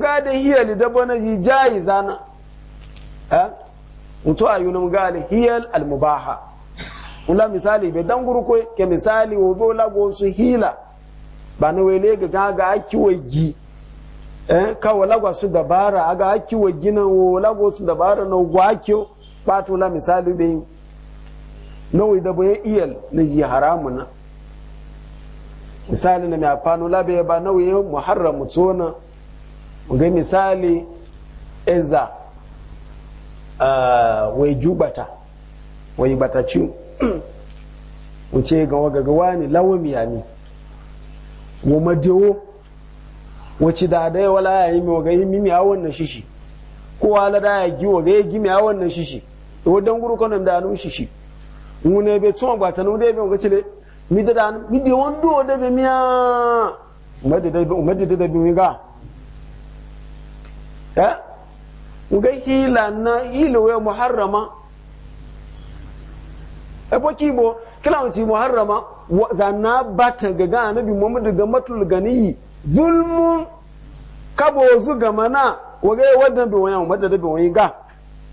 ga da hiyali da bana ji jayi zana ha mutu ayu na mugali hiyal al mubaha ula misali be danguru ko ke misali wo bo la go su hila ba na wele ga ga ga gi eh ka wala su dabara aga aki wa gina wo wala su dabara na gwa kyo pato la misali be na wai da ya iyal na ji haramu na misali na mai afano la be ba na wai muharramu tsona ga misali eza uh, wai jubata wai bataci wuce ga wagaga wani lawamiya ne goma dewo wace da dai wala ya yi mi ga yi mimi awon na shishi ko wala da ya gi waga yi gimi awon na shishi to dan guru kono da anu shishi ngune be tun gba tanu de be ngachile mi da dan mi de won do de be miya umadi da be umadi da be mi ga eh ngai hila na ilo we muharrama e bo kibo kila on ci muharrama zanna bata ga ga annabi muhammadu ga matul ganiyi zulmun kabo zu gama na waga yi wadda bi wani wadda da bi wani ga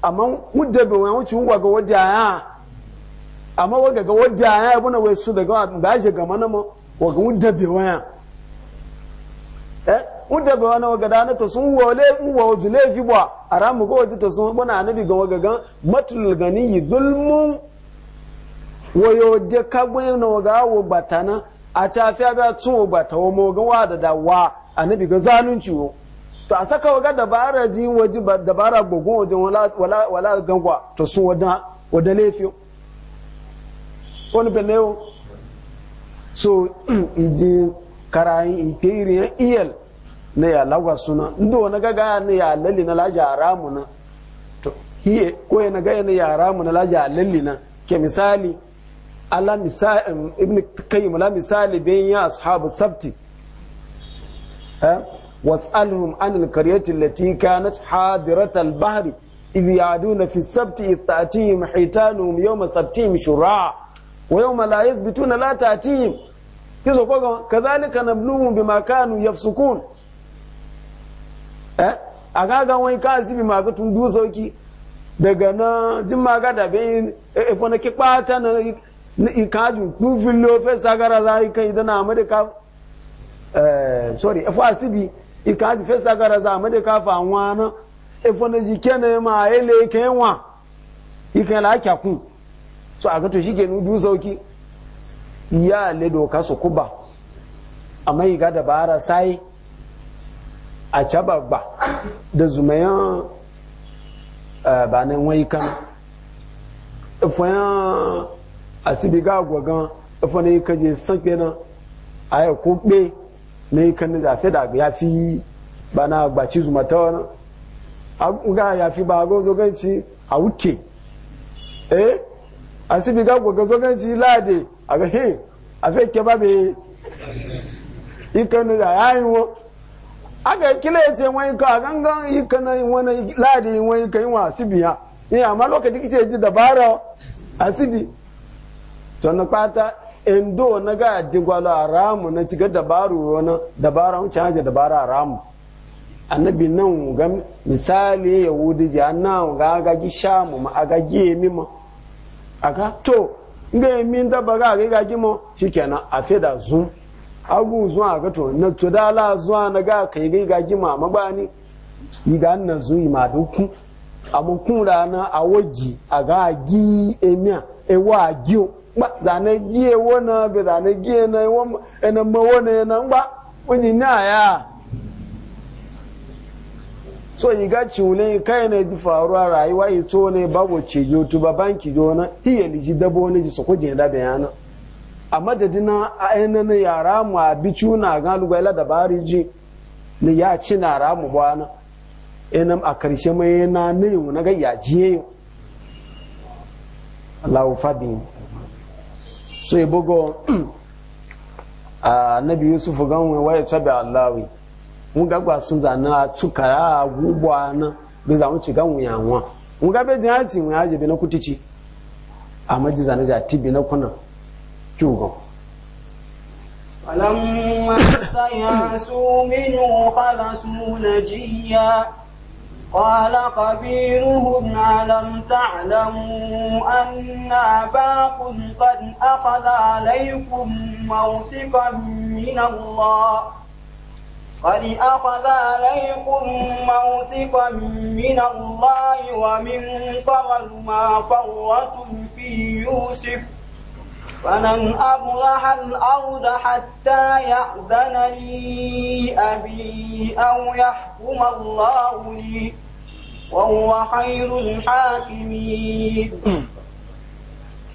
amma wadda bi wani wuce wuwa ga wadda ya amma waga ga wadda ya yi na wai su daga ba shi gama na ma waga wadda bi wani eh wadda bi wani waga da na ta sun wale wuwa wajen fi ba a ramu ga wadda ta sun bana anabi ga waga gan matul gani yi zulmun wayo de kagbe na waga awo batana a cafi ya tun ba ta wamo ga wa da dawa nabi ga zalunci wo to a saka waga dabara ji waje dabara gogon waje wala wala gangwa to sun wada wada lefi wani belewo so iji karayin imperial iyal na ya lagwa suna ndo wani gaga na ya lalli na laja a na to hiye ko ya na gaya na ya ramuna na a lalli na ke misali ala misali ibn la misali bayin ya ashabu sabti ha eh, was'alhum anil qaryati allati kanat hadiratal bahri idh ya'duna fi sabti ta'tihim hitanuhum yawma sabtihim shura wa yawma la yathbituna la ta'tihim kizo kadhalika nabluhum bima kanu yafsukun eh aga ga kazi bima ga tun du sauki daga na jin maga da bayin e eh, eh, ki na Ni ikaju fillo fe sagara za yi kai dana amade ka eh, sorry fo asibi ikaju fe sagara za amade ka fa wana fo na jike kene ma ele kenwa ikan la kyakun so aga to shike nu du sauki ya le do ka su kuba amma da dabara sai a cababba da zumayan eh, ba ne wai kan ifoyan asibiga agwa gan ifa na yika je san kenan aya ko be na yika ne za fe da ya fi bana gbaci zuma ta wani ga ya fi ba e, ga zo ganci a wuce eh asibiga gwa ga zo ganci lade a ga he a fe ke ba be yika ne za yayin wo aga kila ya ce wani ka gangan yika na wani lade wani yi wa asibiya ni amma lokacin kike ji dabara asibi to na kwata endo na ga digwalo aramu na ciga dabaru wani dabara wuce haje dabara aramu annabi nan ga misali yahudi ji annan ga agagi shamu ma agagi emi ma aga to nga emi daba ga agagi mo shikenan a feda zum agu zum aga to na to da ala zuwa na ga kai ga agagi ma yi iga na zu ma dukku amma kun rana a wagi aga agi a ewa agiyo zane giye wona be zane giye na won ena mo wona ena ngba wani na ya so yi ga wule kai ne ji faruwa rayuwa yi to ne babu jo tu ba banki jo na hiye li ji dabo ne ji soko jenda bayana a na a yana na yara mu a bicu na ga lugwaila da bari ji ne ya ci na ramu na ina a karshe mai na ne na ga ya jiye Allahu fadin so ya bugo a nabi yusuf ganwe waya tabi allawi mun gagwa sun zana tukara a gugwa na bi za mu ci ganwe yanwa mun gabe jin haji mun haji bi na kutici a maji zana ja tibi na kuna kyugo فلما استيأسوا منه خلصوا نجيا قال قبيلهم ألم تعلموا أن أباكم قد أخذ عليكم موثقا من الله قد أخذ عليكم موثقا من الله ومن قبل ما فرتم في يوسف فلن أبرح الأرض حتى يأذن لي أبي أو يحكم الله لي وهو خير الحاكمين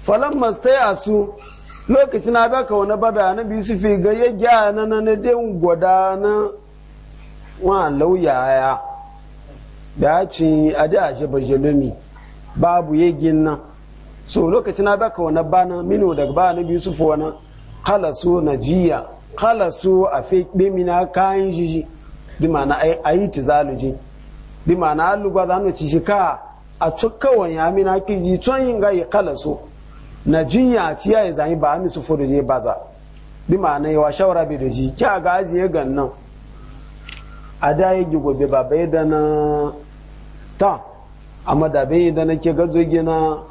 فلما استيأسوا lokacin abin ka wani babu annabi su fi ga ya gya na na na den gwada na wa lauya ya ya ci a da a shi babu ya na. so lokaci na baka wani bana minu daga ba na biyu sufu wani kalasu na jiya kalasu a fi bimina kayan jiji bi ma'ana a yi zaluji bi mana alugwa za mu ci shika a cikawan ya mina ki yi tun yin ga yi kalasu na jiya ci ya yi zanyi ba mi sufu da je baza bi ma'ana yawa shawara bi da ji kya ga ajiye nan a da ya gi gobe ba bai da na ta amma da bai da na ke gazo gina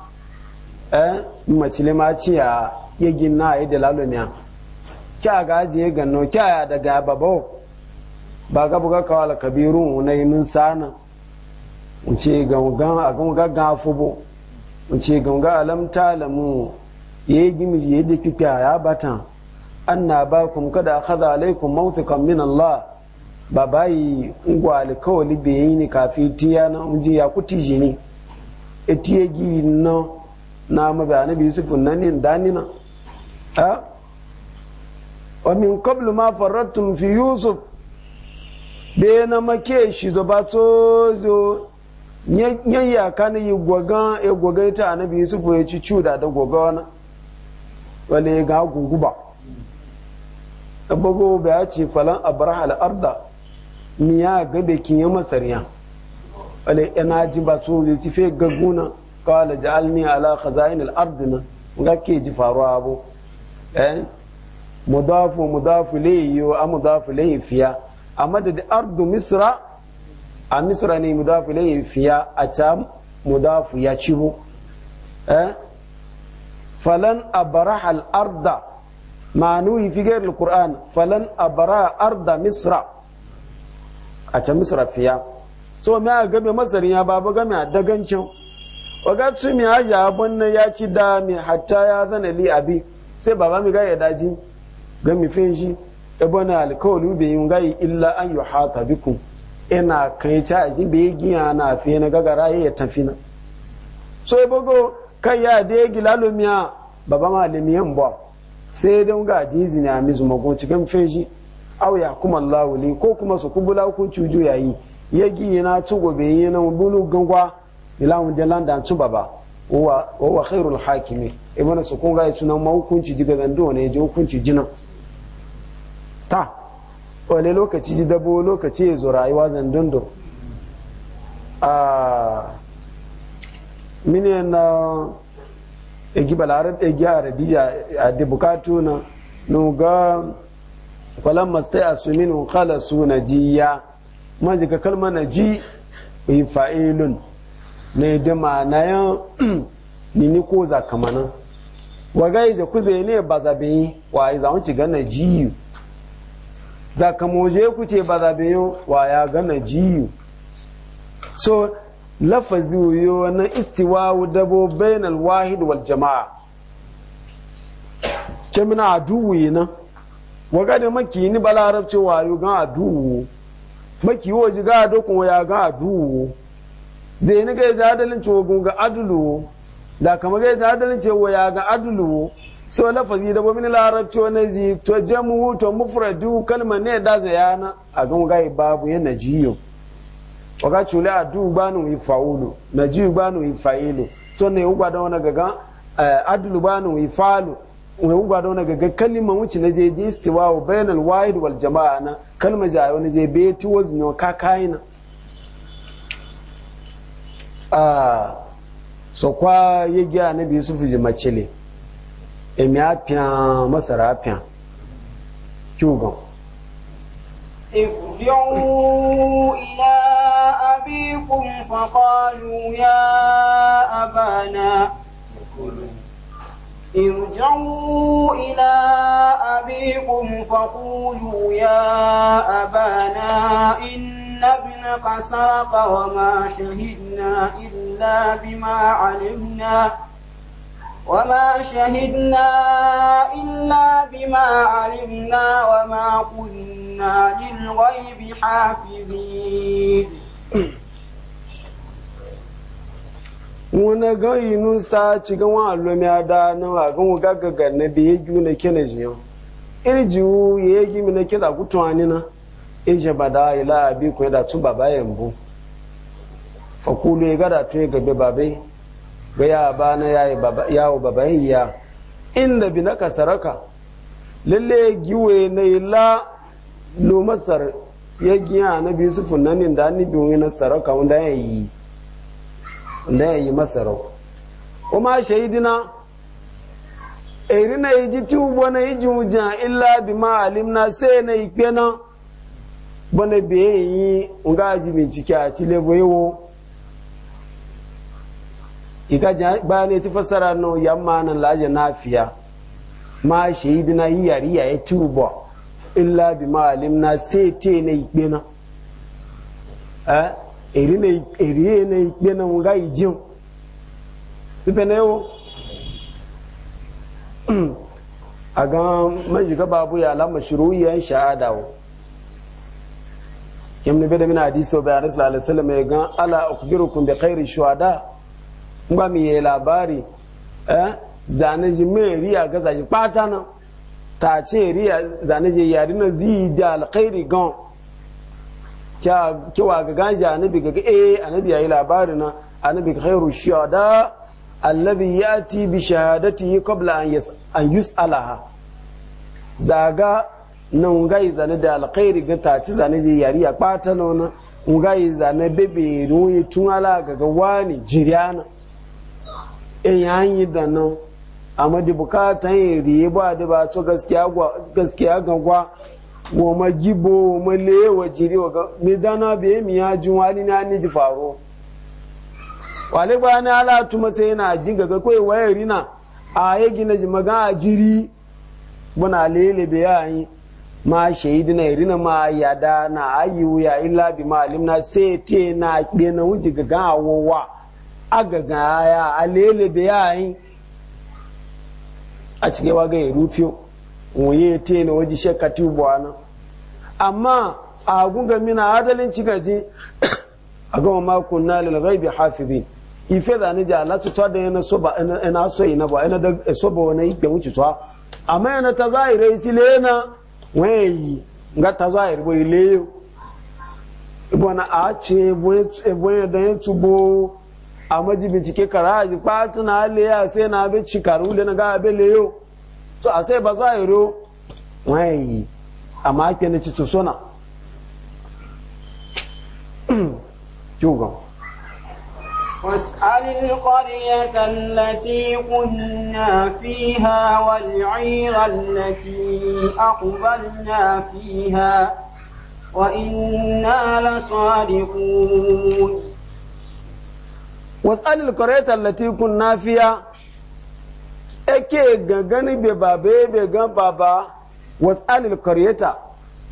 Eh, macile ma ci ya gina na yi da laloniya kya gaji ya gano kya ya daga babo ba ga buga kawal kabiru na yi nun sana in ce gangan a ga fubo in ce gangan alamta lamu ya yi gimi ya yi da kika ya bata an na ba kun kada haza alaikun mautukan min Allah ba bayi ngwa alikawali yi ni kafi tiya na unji ya kuti jini etiye gi na na ma bai anabi yusuf nan ni danina a wa min qablu ma farattum fi yusuf be na make shi zo ba to zo nyanya kan yi goga e goga ta anabi yusuf ya ci cuda da goga wana wale ga guguba abugo ba ci falan abrahal arda miya gabe kin ya masariya wale ina ji ba to ti fe gaguna qala ja'alni ala khazain al-ard ga ke ji faru abu eh mudafu mudafu layhi a mudafu layhi fiya A madadi ardu misra a misra ne mudafu layhi fiya a can mudafu ya ci eh falan abraha al-arda ma nuhi fi ghayr al-qur'an falan abraha arda misra a can misra fiya so me a game masarin ya babu game a dagancin waga tu mi aja abun na ya ci da mi hatta ya zana li abi sai baba mi ga ya daji ga mi fe shi e bona alkawlu be yi gai illa an hata bikun ina kai ta aji be giya na fe na gagara ya tafi so e bogo kai ya de gilalo miya baba malami yan ba sai dan ga jizi na mi zuma go cikin fe shi aw ya kuma lawuli ko kuma su kubula ku cuju yayi yagi yana tugo na yana bulu gangwa ilahun jalan da su baba wa wa khairul hakimi ibn kun ga sunan ma hukunci diga zando ne je hukunci jina ta wale lokaci ji dabo lokaci ya zo rayuwa zandondo a mini na egi balarab egi arabiya a de bukatu na nuga falan mastai asumin kala su najiya ma jika kalma naji yi fa'ilun Na ne na ma'anayan nini ko za kamana waga ije zai ne ba zabe yi wa yi za ci gana jiyu za kamoje ku ce ba zabe yi wa ya gana jiyu so lafazi yo na istiwa dabo bainal wahid wal jama'a kemina aduwu yi nan waga da maki ni balarabci yi gan aduwu maki waje ga dokon ya gan aduwu zai ni ga ita adalin cewa ga adulu da kama ga ita adalin cewa ya ga adulu so fazi da bomin larabci wani zi to jamu to mufradu kalmar ne da zayana a gunga babu ya najiyo waka cule a du gbanu ifaulu najiyo yi ifailu so ne ugba da wani gaga eh, adulu gbanu ifalu wani ugba da wani gaga kalmar wuce na je jistiwa istiwa wa bayanar wahid wal jama'a na kalmar jayo na je beti wazin yau kakayina a so kwa ya giya na biyu sufu ji macile emi apian masara apian cuba irjau ila abikun fakulu ya abana in ابن قساق وما شهدنا إلا بما علمنا وما شهدنا إلا بما علمنا وما قلنا للغيب حافظين wani gayi nun sa ci gan wani a da na wa gan wa gaggaga na biye ju na kene jiyan irjiwu ya yi gimi na kida kutuwa ni na eje da ila abi ko da tu baba yambu fa kulu ya gada to ga gabe babe ga ya ba na yi baba yawo baba ya inda bi naka saraka lalle giwe na ila lo masar ya giya na bi su funnanin da ni bi na saraka wanda ya yi wanda ya yi masarau kuma shaidina erina yi ji tubo na yi juja illa bi ma alimna sai na yi kenan bane biye yi nga ji bincike a cile boyewo iga bayanai ta fassara no yamma nan laje nafiya ma shahidina yi yari ya yi tuba illa bi ma'alim na sai te na ikpe na eh eri na ikpe na nga ijin ibe na yawo a ga majiga babu ya lama shiru yan sha'adawo yamni bede min hadisi bai anas la sallam ya gan ala ukhbirukum bi khairi shuhada ngba mi yela labari eh zane ji me riya ga zaji pata na ta ce ya zane ji yari na zi da alkhairi gan kya wa ga ganja bi ga eh, anabi ya yayi labari na anabi khairu shuhada alladhi yati bi shahadatihi qabla an yus'alaha zaga nan ngai zane da alkhairi ga ci zane je yari ya bata nona ngai zane bebe ruwi tun ala ga ga wani jiriana in yanyi da nan a madi bukatan yi riye ba da ba to gaskiya ga gwa wa magibo wa male wa jiri wa mai dana be mi ya ji wani na ni ji faro wale ba ni ala tuma sai yana dinga ga kai rina a ya gina ji maga a jiri bana lele be yi. ma shahidina irina ma yada na ayiwu ya illa bi ma alimna sai te na kpe na wuji gaga awowa agaga ya alele ya yi a cike wa ga rufiyo wuye te na waji shekati ubuwa nan amma a gunga mina adalin cikaji a gama makon na lalabai bi hafizi ife da nija lati to da yana so ba ina so ina ba ina da so ba wani ikpe wuce to amma yana ta zahirai ci lena weyi ngatazo ayirbo ileyo ibona aci ebonye da ya tubo a maji bincike karaji kwatu na aliya sai na abe cikaru da na ga abe leyo so a sai ba za a yiro weyi amma ake na ci tusona kyogon واسأل القرية التي كنا فيها والعير التي أقبلنا فيها وإنا لصادقون واسأل القرية التي كنا فيها ake gangani bai babe bai gan baba wasu alil karyata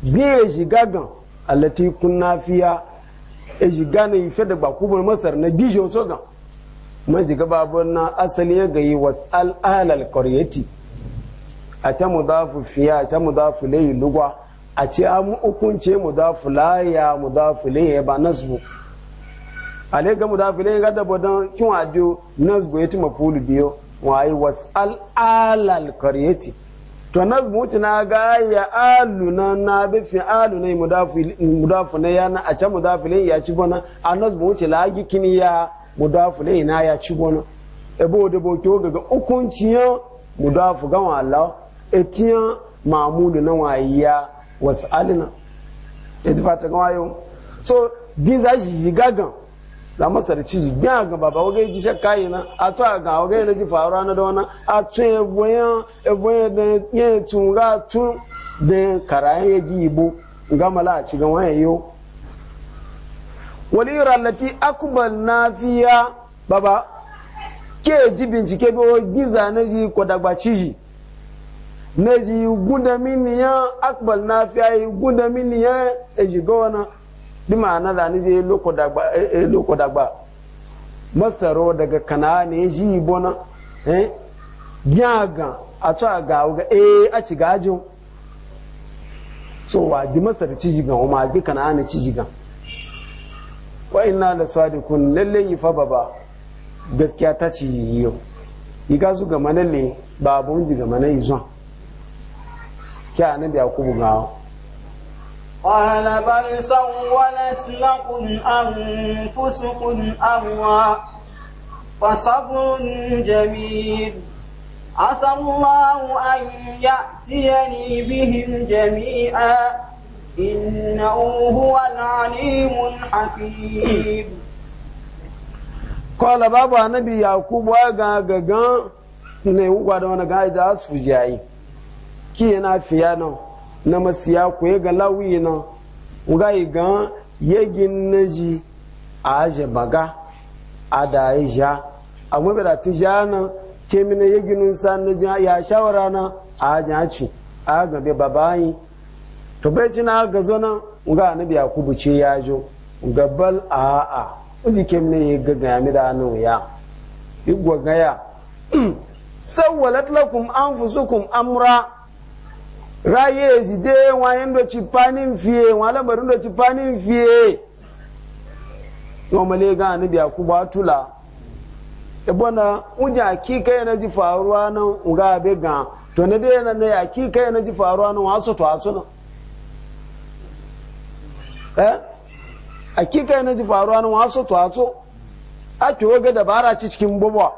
biye shiga gan alati kunna fiya e jiga na fiye da bakubar masar na gijo sogan ga man jiga na asali ya gayi wasu al'alal qaryati a za fi fiye a mu za fi layi lugwa a ce an hukunce fi laya fi layi ba nasbu ale ga mudafu layi ga da bodan kin wa biyo nasbu yati mafulu biyo wa yi wasu al'alal qaryati to nasbu na ga ya aluna na bi fi aluna mudafu na yana a can mudafilin ya ci gona a nasbu wuce la gikin ya mudafilin na ya ci gona ebo da boke gaga hukunciyan mudafu ga Allah etiyan mamudu na wayiya wasu alina ya e fa fata ga wayo so bi za shi yi gagan za masarci gbin aga baba oge ji shakka yi na a to agan oge na ji faruwa na da wani a tun eboyan eboyan da ya tun ga tun da karayen ya gi ibo ga mala a ci ga wani yau wani rallati akubar na fiya baba ke ji bincike bi o giza na ji kwadagba ciji na ji gudamin niyan akubar na fiya yi gudamin niyan ejigowa na bi ma'ana da ni zai eh, eh, loko dagba masaro daga kana ne ji bona eh gyaga a a ga wuga eh a ci gajin so wa bi masar ci jigan o ma bi kana ne ci jigan wa inna la sadiqun lalle yi fa baba gaskiya ta ci yiyo yi ga su ga manalle babun ji ga manayi zuwa kya annabi yakubu gawo قال بل سولت لكم أنفسكم أمرا فصبر جميل عسى الله أن يأتيني بهم جميعا إنه هو العليم الحكيم قال بابا نبي يعقوب واغا غغان ne gwada wani ga da su jayi ki yana fiya nan na masiya ku ga lawi na ga yi gan yegin na ji a aje baga a da ya a da tuja na ke mina yegin sa na ji ya shawara na a aje aci a gabe babayi to bai ci na ga zo na nga anabi yakubu ce ya jo gabal a a uji ke mina ya ga gami da nan ya igwa gaya sawwalat lakum anfusukum amra raye zide wayan ndoci panin fiye wa lamarin ndoci panin fiye yau male ga anabi a kuba na ibona uja hakika yana ji faruwa nan nga abe ga to na dai nan ya e? hakika yana ji faruwa nan wasu to na nan eh hakika yana ji faruwa nan wasu to a ki woga dabara ci cikin bubwa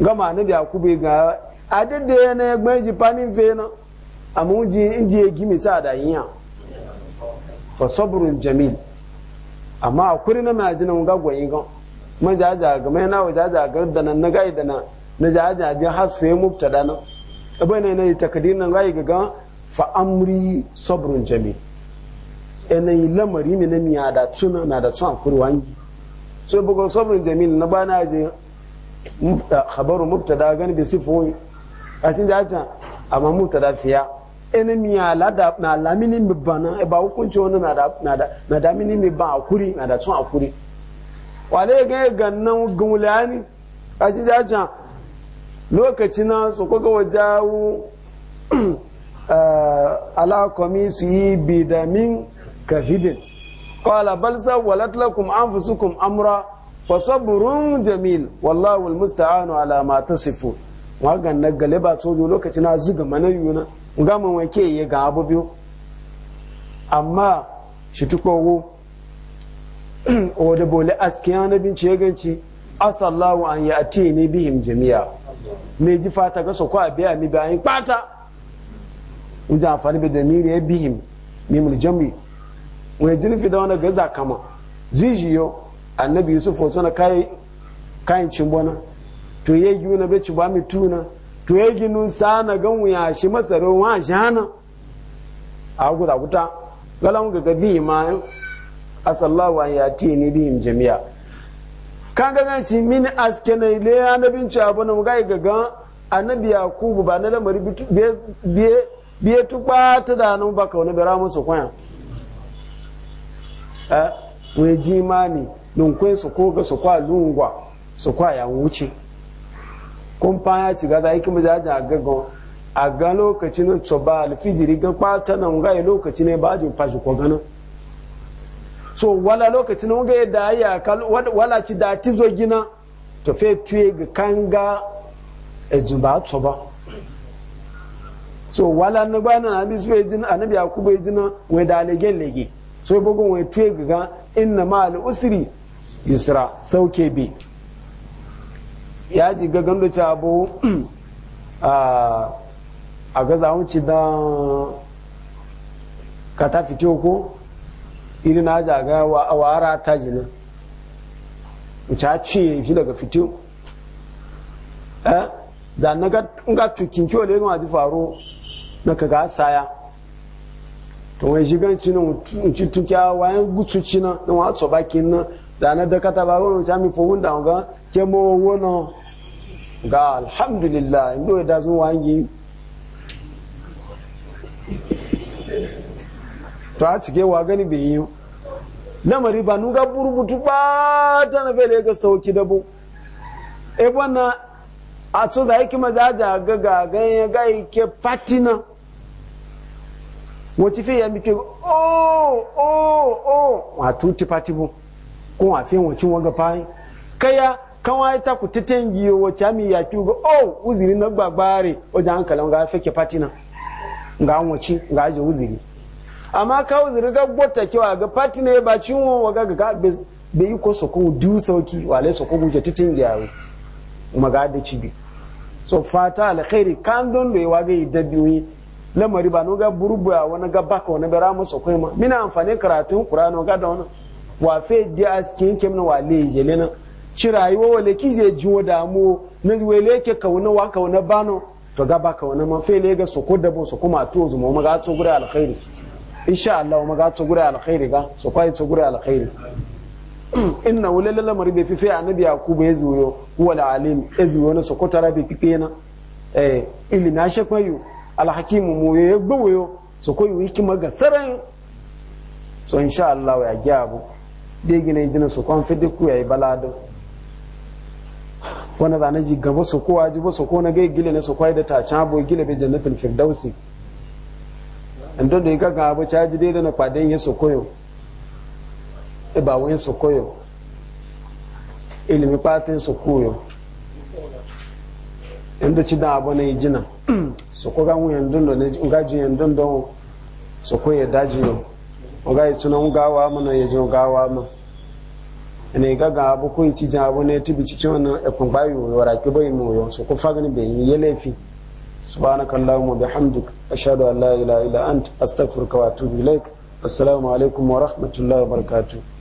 gama anabi a kuba ga adede yana ya gbe ji panin fiye na. amma ji inji ya gimi sa da yiya fa sabrun jamil amma a kuri na maji na ga gwayi ga ma jaja ga mai na wajaja ga da nan na gai da nan na jaja ga hasfe mubtada nan e abin ne ne takdir nan gai ga fa amri sabrun jamil e yi lamari ne na miya da tuna na da tuna kuri wangi so bugun sabrun jamil na bana je eh, khabaru mubtada gani bi sifoyi asin jaja amma mubtada fiya ene mi ala da na lamini mi bana e ba hukunci na da na da na da mini mi ba akuri na da sun akuri wale ga gannan gumulani ja lokaci na su kuka wajawu ala komisi bidamin kafidin qala bal sawwalat lakum anfusukum amra fasabrun jamil wallahu almusta'anu ala ma tasifu. wa ganna gale ba sojo lokaci na zuga manayuna gamin wake ya ga abu biyu amma shi tukowo wadda bole askiya na binci ya ganci asallahu an a ati ne bihim jami'a mai ji fata ga sokwa biya mi bayan kwata wajen amfani da damiri ya bihim mimul jami wani fi da wani gaza kama zijiyo annabi yusuf hoto na kayan cimbona to yi yi yi na bai ci ba mai tuna to ya sa na gan wuya shi masaro wa hana a guda kuta galan gaga biyu ma asallahu an ti ni biyu jami'a kan ga ci min aske na ile annabin ci abu na mugai ga gan annabi yakubu ba na lamari biye tukpa ta da nan baka wani bera musu kwaya eh wai ji mani don kwai su ko ga su kwa lungwa su kwa ya wuce Kun kumfaya ci gaza yake mu jaji a gagon a ga lokacin to ba alfijiri ga kwata nan ga lokaci ne ba ji fashi ko ganin so wala lokacin ga da ya kal wala ci da ti zo gina to fe tuye ga kanga ejuba to ba so wala na ba e na abi su ejin annabi yakubu ejin we da legen lege so bugun we tuye ga inna ma al usri yusra sauke bi ya ji gagan da ci abu a gaza wuce don ka ta fito ko irin na zaga wa wara ta jina wuce a ci shi daga fito eh zanen ga cikin kiwo da ji faru na kaga saya to wani shiganci na wuce tukiya wayan gutsuci na na wato bakin na zanen da kata ba wani wuce mi fohun da wuga kemo wani ga alhamdulillah inda ya dazu wangi to a cike wa gani bai yi lamari ba nuga burbutu ba ta na fele ga sauki dabo e bana a to da yake maza ga ga ga ya ga yake patina wati fiye ya mike o oh, o oh, o oh. wa tuti patibo ko wa fi waga fayi kaya kawai ta ku giyo wacce ami ya tuga oh uziri na gbagbare wajen hankalin ga fake fatina ga an waci ga aje uziri amma ka uziri ga gbota kewa ga fatina ba ciwon wa ga bai yi ko soko du sauki wale soko guje kuma maga da bi so fata alkhairi kan don da yawa ga dabbiyoyi lamari ba no ga burubu a wani ga baka wani bera masa kai ma mina amfani karatun qur'ani ga da wani wa fe di askin kemna na wale jelena na ci rayuwa wale ki zai jiwo damu na wele ke kauna wa kauna bano to gaba kauna man fele ga soko da bon soko ma to zuma ma ga to gura alkhairi insha Allah ma ga to gura alkhairi ga so kai to gura alkhairi inna wala lamari bai fife annabi yakub ya zuyo huwa alim ya zuyo na soko tara bai fi na eh na she kwayo alhakim mu ya yo soko yi hikima ga saran so insha Allah ya gyabu dai gina jinin su kwan fidi ku yayi balado wani zane ji gaba su kowa ji su ko na gai gile na su kwai da tace abu gile bai jannatin firdausi in don da ya gaga abu caji dai da na kwaden ya su koyo ibawun e su koyo ilimi patin su koyo inda ci da abu na yi jina su ko ga wuyan dundo ne ngaji yan dundo su ya daji ga yi tunan gawa mana ya jin gawa mana ne gaga abu ko ci jan abu ne tibi ci wannan ekun bayu wa raki bai mu yo so ko fagani bai yi yelefi subhanaka allahumma bihamdik ashhadu an la ilaha illa ant astaghfiruka wa atubu ilaik assalamu alaikum wa rahmatullahi wa barakatuh